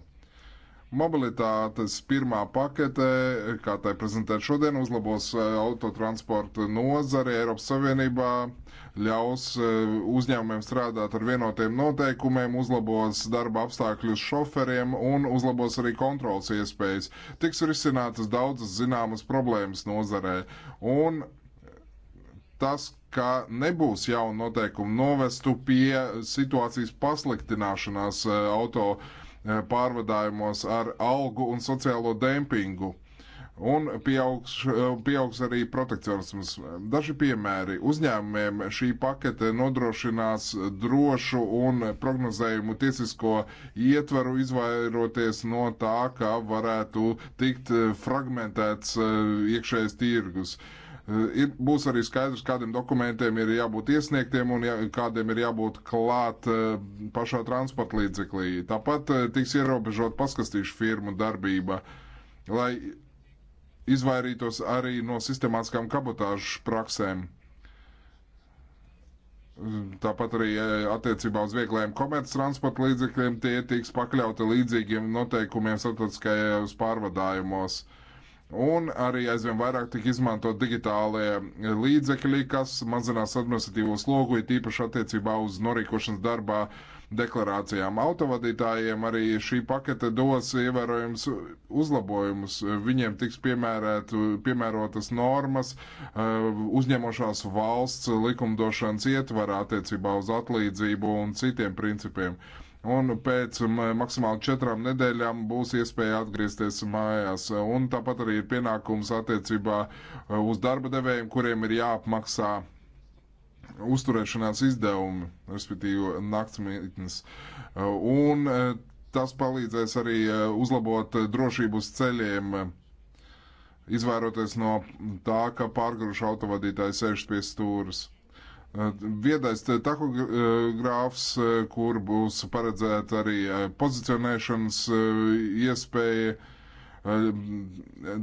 Mobilitātes pirmā pakete, kā tai prezentē šodien, uzlabos e, autotransporta nozari Eiropas Savienībā, ļaus e, uzņēmumiem strādāt ar vienotiem noteikumiem, uzlabos darba apstākļus šoferiem un uzlabos arī kontrols iespējas. Tiks risinātas daudzas zināmas problēmas nozarē. Un tas, ka nebūs jaunu noteikumu, novestu pie situācijas pasliktināšanās e, auto e, pārvadājumos ar algu un sociālo dempingu. Un pieaugs, e, pieaugs arī protekcionisms. Daži piemēri uzņēmumiem šī pakete nodrošinās drošu un prognozējumu tiesisko ietvaru, izvairoties no tā, ka varētu tikt fragmentēts iekšējais tirgus. Uh, Eh, ir, būs arī skaidrs, kādiem dokumentiem ir jābūt iesniegtiem un jā, kādiem ir jābūt klāt eh, pašā transporta līdzeklī. Tāpat eh, tiks ierobežot paskastīšu firmu darbība, lai izvairītos arī no sistemātiskām kabotāžu praksēm. Tāpat arī attiecībā uz vieglajiem komerctransporta līdzekļiem tie tiks pakļauti līdzīgiem noteikumiem starptautiskajos pārvadājumos. Uh, Un arī aizvien vairāk tika izmantot digitālie līdzekļi, kas mazinās administratīvo slogu, it īpaši attiecībā uz norīkošanas darbā deklarācijām. Autovadītājiem arī šī pakete dos ievērojams uzlabojumus. Viņiem tiks piemērēt, piemērotas normas eh, uzņemošās valsts likumdošanas ietvarā attiecībā uz atlīdzību un citiem principiem un pēc maksimāli četrām nedēļām būs iespēja atgriezties mājās. Un tāpat arī ir pienākums attiecībā e, uz darba devējiem, kuriem ir jāapmaksā uzturēšanās izdevumi, respektīvi naktsmītnes. E, un e, tas palīdzēs arī uzlabot drošību uz ceļiem, izvairoties no tā, ka pārgrušu autovadītāji sēž pie stūras viedais tahogrāfs, eh, eh, kur būs paredzēta arī eh, pozicionēšanas iespēja,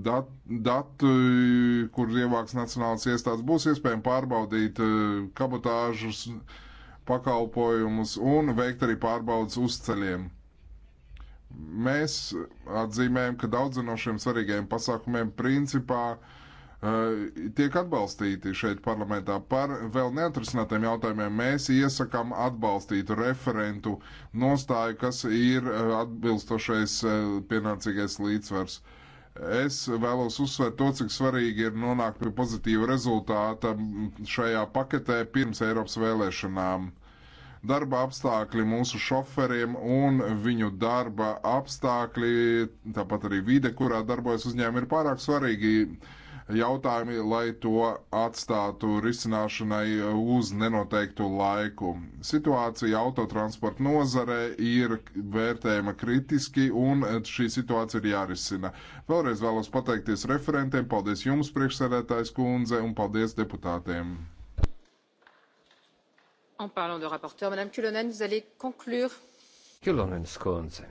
dat, datu, kur ievāks nacionālas iestādes, būs iespējams pārbaudīt kabotāžus, pakalpojumus un veikt arī pārbaudas uzceļiem. Mēs atzīmējam, ka daudzi no šiem svarīgajiem pasākumiem principā uh, Eh, tiek atbalstīti šeit parlamentā. Par vēl neatrisinātiem jautājumiem mēs iesakām atbalstīt referentu nostāju, kas ir eh, atbilstošais eh, pienācīgais līdzsvars. Es vēlos uzsvērt to, cik svarīgi ir nonākt pie pozitīva rezultāta šajā paketē pirms Eiropas vēlēšanām darba apstākļi mūsu šoferiem un viņu darba apstākļi, tāpat arī vide, kurā darbojas uzņēmumi, ir pārāk svarīgi jautājumi, lai to atstātu risināšanai uz nenoteiktu laiku. Situācija autotransporta nozarē ir vērtējama kritiski un šī situācija ir jārisina. Vēlreiz vēlos pateikties referentiem, paldies jums, priekšsēdētājs kundze, un paldies deputātiem. En parlant de rapporteur, Madame Kulonen, vous allez conclure. Kilonens kundze,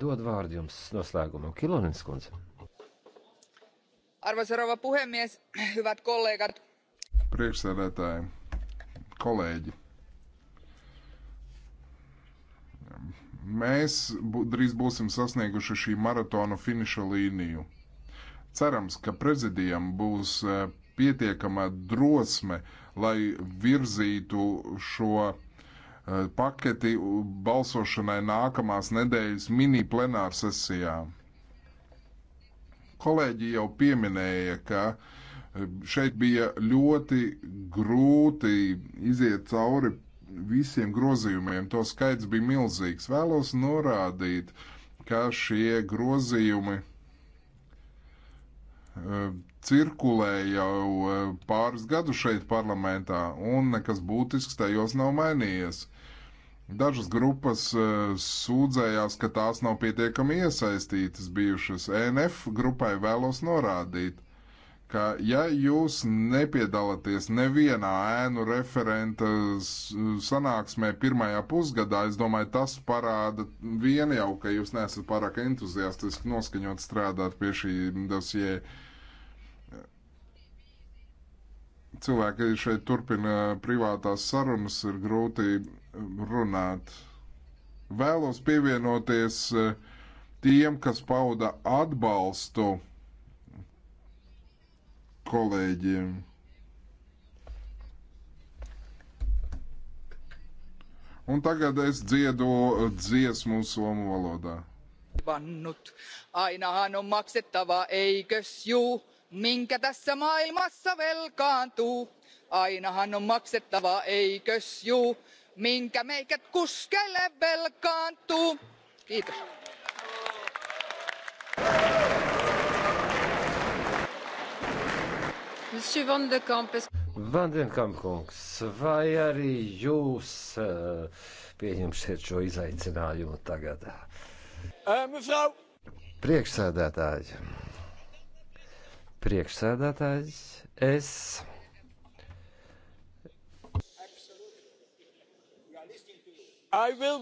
dod vārdu jums noslēgumam. Kilonens kundze. Arvoisa rouva puhemies, [clears throat] hyvät kollegat. Priekšsēdētāji, kolēģi. Mēs drīz būsim sasnieguši šī maratona finiša līniju. Cerams, ka prezidijam būs e, pietiekama drosme, lai virzītu šo e, paketi balsošanai nākamās nedēļas mini plenārsesijā. Kolēģi jau pieminēja, ka eh, šeit bija ļoti grūti iziet cauri visiem grozījumiem. To skaits bija milzīgs. Vēlos norādīt, ka šie grozījumi eh, cirkulē jau eh, pāris gadus šeit parlamentā, un nekas būtisks tajos nav mainījies. Dažas grupas eh, sūdzējās, ka tās nav pietiekami iesaistītas bijušas. ENF grupai vēlos norādīt, ka ja jūs nepiedalāties nevienā ēnu referenta sanāksmē pirmajā pusgadā, es domāju, tas parāda vien jau, ka jūs neesat pārāk entuziastiski noskaņot strādāt pie šī dosie. Cilvēki šeit turpina privātās sarunas, ir grūti runāt. Vēlos pievienoties eh, tiem, kas pauda atbalstu kolēģiem. Un tagad es dziedu dziesmu somu valodā. Pannut. Ainahan on maksettava, eikös juu, minkä tässä maailmassa velkaantuu. Ainahan on maksettava, eikös juu, minkä meikät kuskeille velkaantuu. Kiitos. Vandenkampkungs, vai arī jūs eh, pieņemsiet šo izaicinājumu tagad? Eh, Mefrau! Priekšsēdētāji, priekšsēdētājs, es.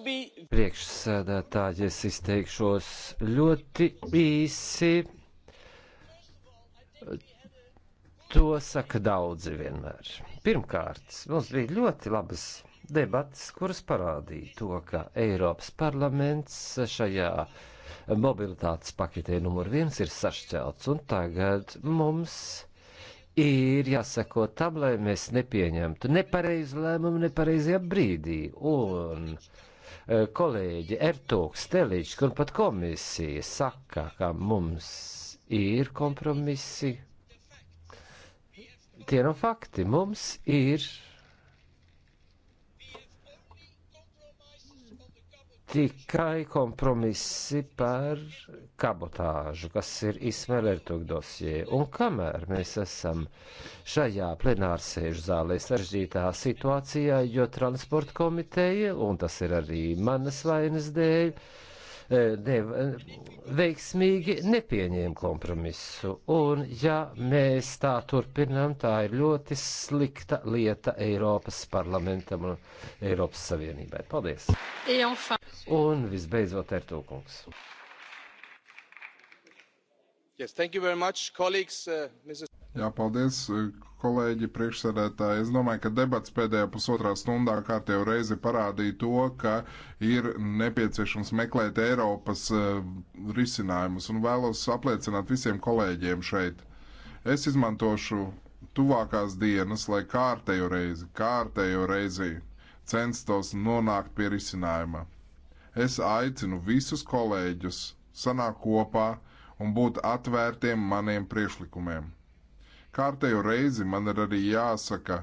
Be... Priekšsēdētāji, es izteikšos ļoti īsi. To saka daudzi vienmēr. Pirmkārt, mums bija ļoti labas debatas, kuras parādīja to, ka Eiropas parlaments šajā mobilitātes paketē numur viens ir sašķelts, un tagad mums ir jāsako tam, lai mēs nepieņemtu nepareizu lēmumu nepareizajā brīdī. Un e, kolēģi Ertūks, Teličs un pat komisija saka, ka mums ir kompromisi. Tie nav nu no fakti. Mums ir tikai kompromisi par kabotāžu, kas ir Ismaila Ertuga dosie. Un kamēr mēs esam šajā plenārsēžu zālē saržģītā situācijā, jo transporta komiteja, un tas ir arī manas vainas dēļ, uh, dev, veiksmīgi nepieņēma kompromisu. Un ja mēs tā turpinām, tā ir ļoti slikta lieta Eiropas parlamentam un Eiropas Savienībai. Paldies! Un visbeidzot, Ertūkungs. Yes, thank you very much, colleagues. Uh, Mrs. Jā, paldies, kolēģi priekšsēdētāji. Es domāju, ka debats pēdējā pusotrā stundā kārtējo reizi parādīja to, ka ir nepieciešams meklēt Eiropas uh, risinājumus un vēlos apliecināt visiem kolēģiem šeit. Es izmantošu tuvākās dienas, lai kārtējo reizi, kārtējo reizi censtos nonākt pie risinājuma. Es aicinu visus kolēģus sanākt kopā un būt atvērtiem maniem priekšlikumiem. Kārtējo reizi man ir arī jāsaka,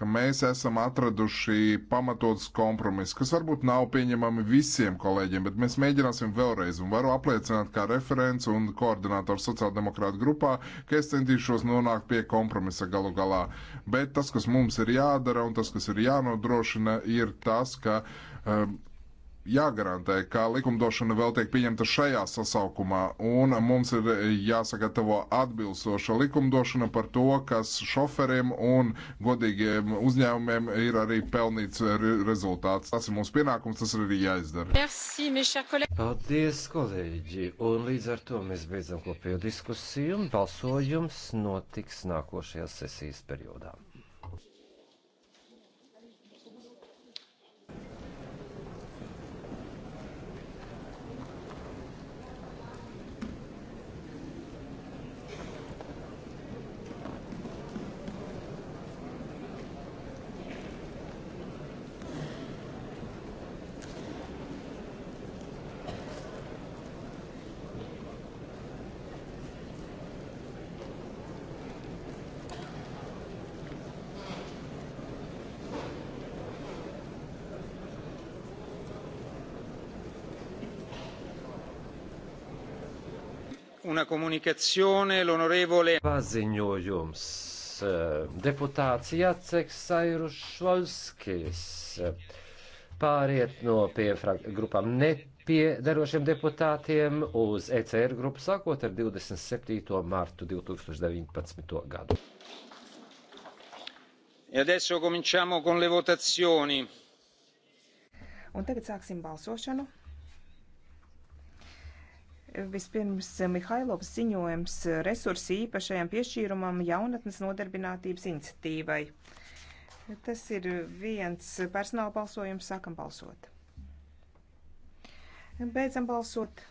ka mēs esam atraduši pamatotus kompromisus, kas varbūt nav pieņemami visiem kolēģiem, bet mēs mēģināsim vēlreiz. Un varu apliecināt, kā referents un koordinators sociāldemokrāta grupā, ka es centīšos nonākt pie kompromisa galu galā. Bet tas, kas mums ir jādara un tas, kas ir jānodrošina, ir tas, ka um, jāgarantē, ka likumdošana vēl tiek pieņemta šajā sasaukumā, un mums ir jāsagatavo atbilstoša likumdošana par to, kas šoferiem un godīgiem uzņēmumiem ir arī pelnīts rezultāts. Tas ir mūsu pienākums, tas ir arī jāizdara. Merci, Paldies, kolēģi! Un līdz ar to mēs beidzam kopējo diskusiju, un balsojums notiks nākošajā sesijas periodā. Paziņojums. Eh, deputāts Jaceks Sairus Švalskis pāriet no pie grupām nepiedarošiem deputātiem uz ECR grupu sākot ar 27. martu 2019. gadu. E adesso cominciamo con le votazioni. Un tagad sāksim balsošanu. Vispirms eh, Mihailovs ziņojums eh, resursi īpašajam piešķīrumam jaunatnes nodarbinātības iniciatīvai. Tas ir viens personāla balsojums, sākam balsot. Beidzam balsot.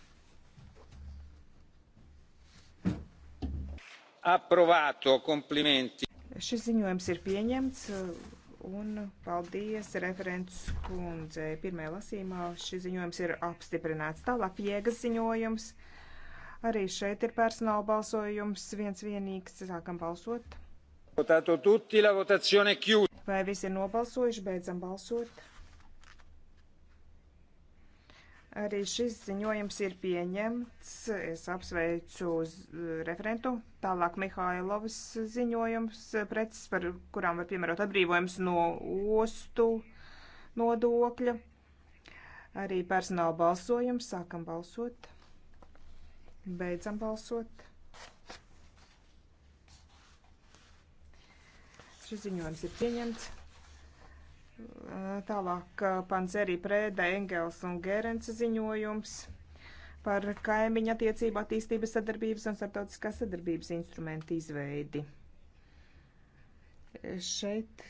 Aprovāto komplimenti. Šis ziņojums ir pieņemts un paldies referents kundzei. Pirmajā lasīmā šis ziņojums ir apstiprināts. Tālāk jēgas ziņojums. Arī šeit ir personāla balsojums viens vienīgs. Sākam balsot. Vai visi ir nobalsojuši? Beidzam balsot. Arī šis ziņojums ir pieņemts. Es apsveicu uh, referentu. Tālāk Mihailovas ziņojums uh, preces, par kurām var piemērot atbrīvojums no ostu nodokļa. Arī personāla balsojums. Sākam balsot. Beidzam balsot. Šis ziņojums ir pieņemts. Tālāk eh, Panzeri Prēda, Engels un Gerens ziņojums par kaimiņa attiecību attīstības sadarbības un starptautiskās sadarbības instrumentu izveidi. Šeit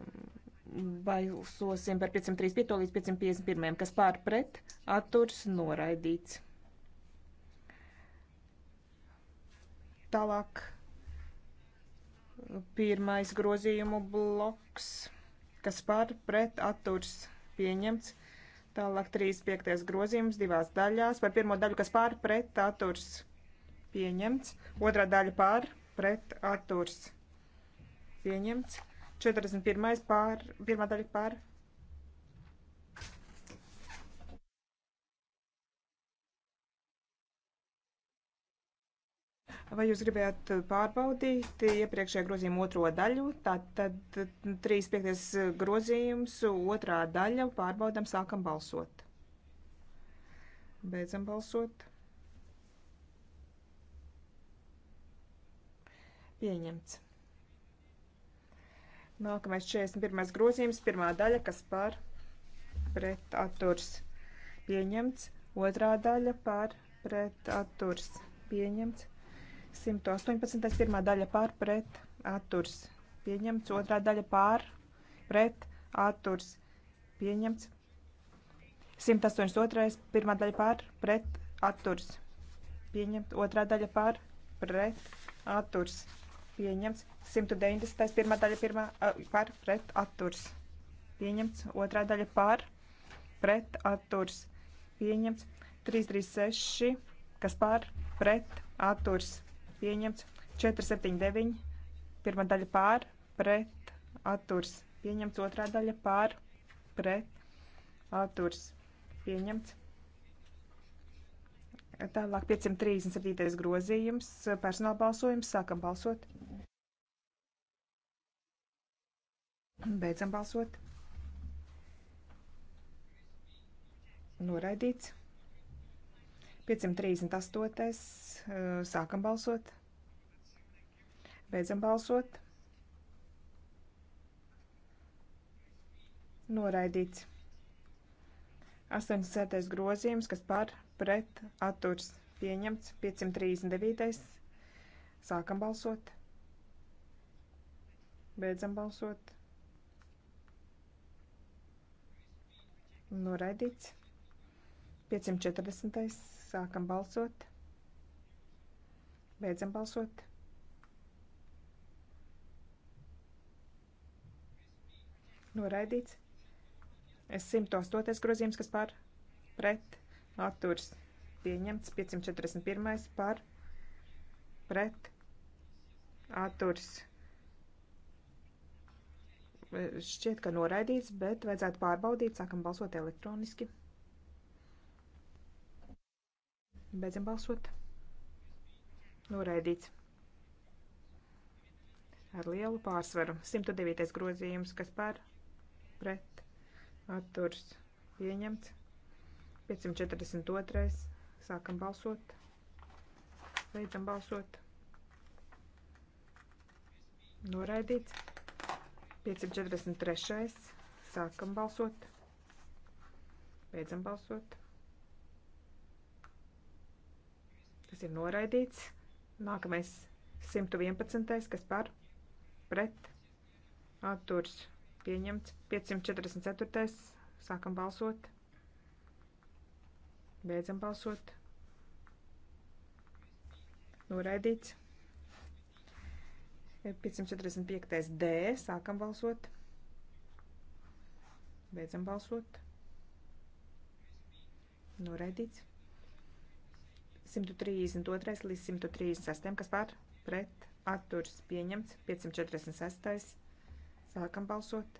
mm, balsosim par 535 līdz 551, kas pārpret atturs noraidīts. Tālāk pirmais grozījumu bloks kas par pret atturs pieņemts. Tālāk 35. grozījums divās daļās. Par pirmo daļu, kas par pret atturs pieņemts. Otrā daļa par pret atturs pieņemts. 41. pār, pirmā daļa par Vai jūs gribējāt eh, pārbaudīt iepriekšējā grozījuma otro daļu? Tātad 3.5. Eh, eh, grozījums, otrā daļa, pārbaudam, sākam balsot. Beidzam balsot. Pieņemts. Nākamais 41. grozījums, pirmā daļa, kas par pret atturs pieņemts, otrā daļa par pret atturs pieņemts. 118. pirmā daļa pār pret atturs pieņemts, otrā daļa pār pret atturs pieņemts. 182. pirmā daļa pār pret atturs pieņemts, otrā daļa pār pret atturs pieņemts. 190. pirmā daļa pirmā, pār pret atturs pieņemts, otrā daļa pār pret atturs pieņemts. 336, kas pār pret atturs pieņemts pieņemts. 479, pirmā daļa pār, pret, atturs, pieņemts. Otrā daļa pār, pret, atturs, pieņemts. Tālāk 537. grozījums, personāla balsojums, sākam balsot. Beidzam balsot. Noraidīts. 538. Eh, sākam balsot. Beidzam balsot. Noraidīts. 87. grozījums, kas par pret atturs pieņemts. 539. Sākam balsot. Beidzam balsot. Noraidīts. 540. Sākam balsot. Beidzam balsot. Noraidīts. 108. grozījums, kas par pret atturs pieņemts. 541. par pret atturs. Šķiet, ka noraidīts, bet vajadzētu pārbaudīt. Sākam balsot elektroniski. Beidzam balsot. Noraidīts. Ar lielu pārsvaru. 109. grozījums, kas par pret atturs pieņemts. 542. Sākam balsot. Beidzam balsot. Noraidīts. 543. Sākam balsot. Beidzam balsot. kas ir noraidīts. Nākamais 111. kas par pret atturs pieņemts. 544. sākam balsot. Beidzam balsot. Noraidīts. 545. D. Sākam balsot. Beidzam balsot. Noraidīts. 132. līdz 136. kas pār pret atturas pieņemts. 546. Sākam balsot.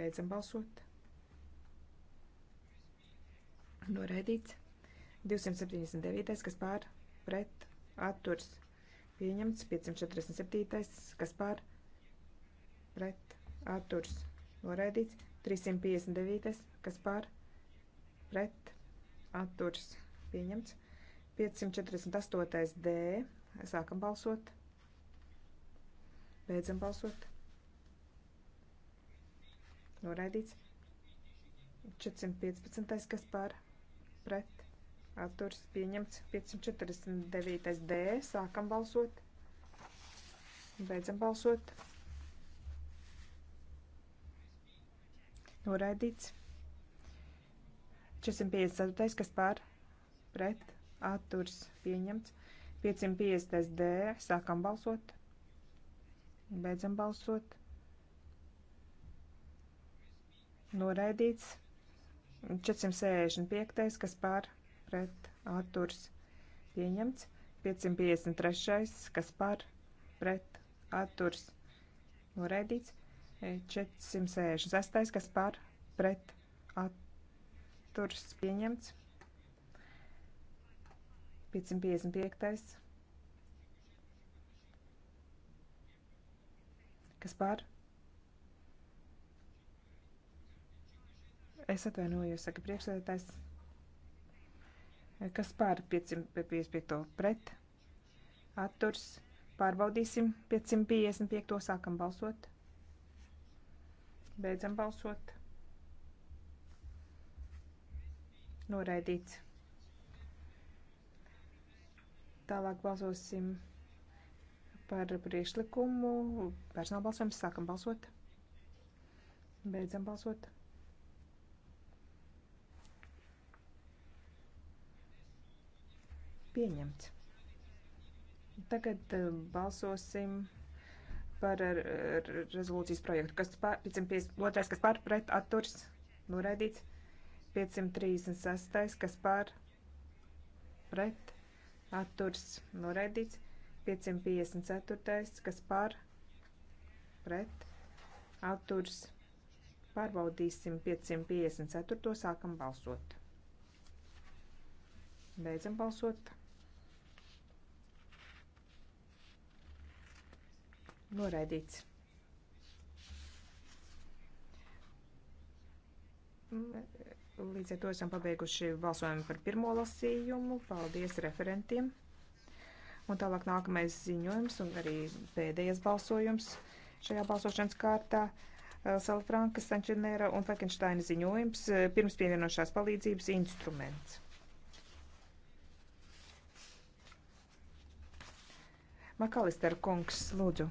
Beidzam balsot. Noraidīts. 279. kas pār pret atturas pieņemts. 547. kas pār pret atturas noraidīts. 359. kas pār pret atturas pieņemts Pieņemts. 548. D. Sākam balsot. Beidzam balsot. Noraidīts. 415. Kas par? Pret. Atturs pieņemts. 549. D. Sākam balsot. Beidzam balsot. Noraidīts. 454. Kas par? Pret pret atturs pieņemts. 550 D. Sākam balsot. Beidzam balsot. Noraidīts. 465. Kas pār pret atturs pieņemts. 553. Kas pār pret atturs noraidīts. 468. Kas pār pret atturs pieņemts. 555. Kas pār? Es atvainojos, saka priekšsēdētājs. Kas pār 555 pret? Atturs. Pārbaudīsim 555. Sākam balsot. Beidzam balsot. Noraidīts. Tālāk balsosim par priekšlikumu. Personāla balsojums sākam balsot. Beidzam balsot. Pieņemts. Tagad eh, balsosim par eh, rezolūcijas projektu, kas pār, 552, kas pār pret atturs, noraidīts, 536, kas pār pret atturs noraidīts, 554. kas par pret atturs pārbaudīsim 554. sākam balsot. Beidzam balsot. Noraidīts. Līdz ar to esam pabeiguši balsojumu par pirmo lasījumu. Paldies referentiem. Un tālāk nākamais ziņojums un arī pēdējais balsojums šajā balsošanas kārtā. Salafranka, Sančinēra un Falkensteina ziņojums pirms pievienošās palīdzības instruments. Makalister kungs, lūdzu.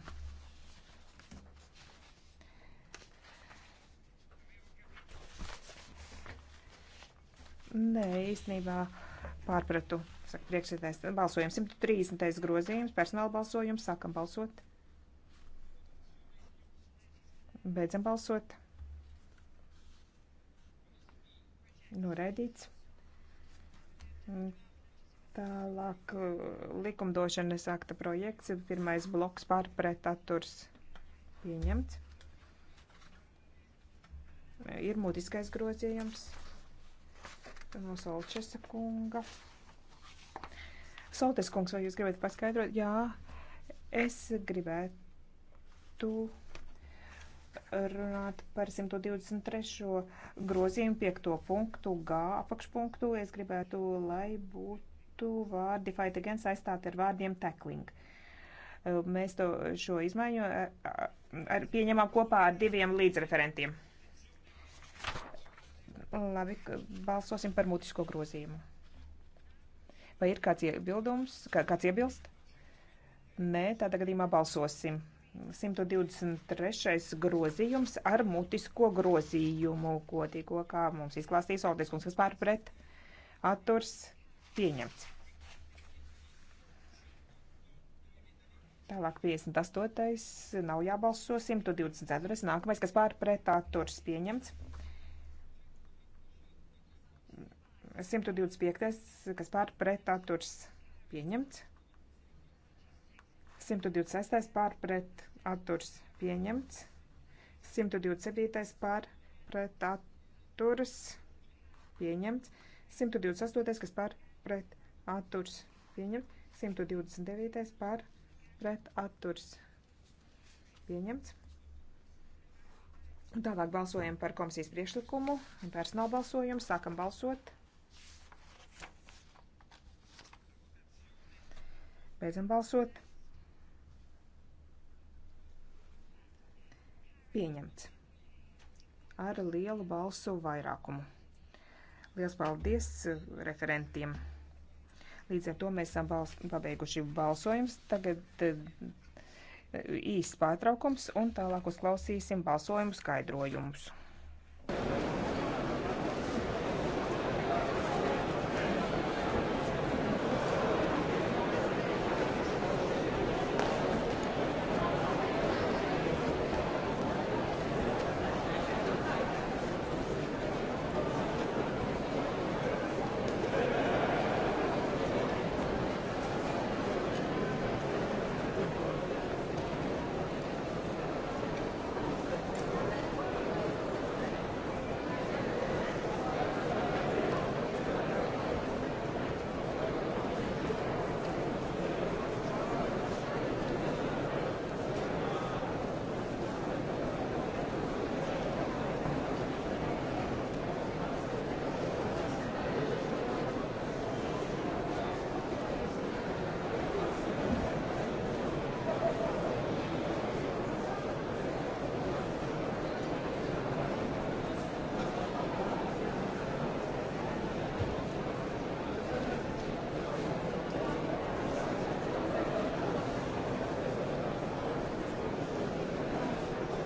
Nē, īstenībā pārpratu. Saka, priekšsēdēs balsojums 130. grozījums, personāla balsojums, sākam balsot. Beidzam balsot. Noraidīts. Tālāk uh, likumdošanas akta projekts, pirmais bloks pārpret atturs pieņemts. Ir mutiskais grozījums no Solčesa kunga. Soltes kungs, vai jūs gribat paskaidrot? Jā, es gribētu runāt par 123. grozījumu 5. punktu G apakšpunktu. Es gribētu, lai būtu vārdi fight against aizstāti ar vārdiem tackling. Mēs to, šo izmaiņu ar, ar, pieņemam kopā ar diviem līdzreferentiem. Labi, balsosim par mutisko grozījumu. Vai ir kāds iebildums, kā, kāds iebilst? Nē, tādā gadījumā balsosim. 123. grozījums ar mutisko grozījumu, ko tikko kā mums izklāstīja Soltis kungs, kas pārpret atturs pieņemts. Tālāk 58. nav jābalso, 124. nākamais, kas pārpret atturs pieņemts. 125. kas pār pret atturs pieņemts. 126. pār pret atturs pieņemts. 127. pār pret atturs pieņemts. 128. kas pār pret atturs pieņemts. 129. pār pret atturs pieņemts. Tālāk balsojam par komisijas priekšlikumu. Personāla balsojumu. Sākam balsot. Beidzam balsot. Pieņemts. Ar lielu balsu vairākumu. Liels paldies eh, referentiem. Līdz ar to mēs esam bals pabeiguši balsojums. Tagad eh, īsts pārtraukums un tālāk uzklausīsim balsojumu skaidrojumus.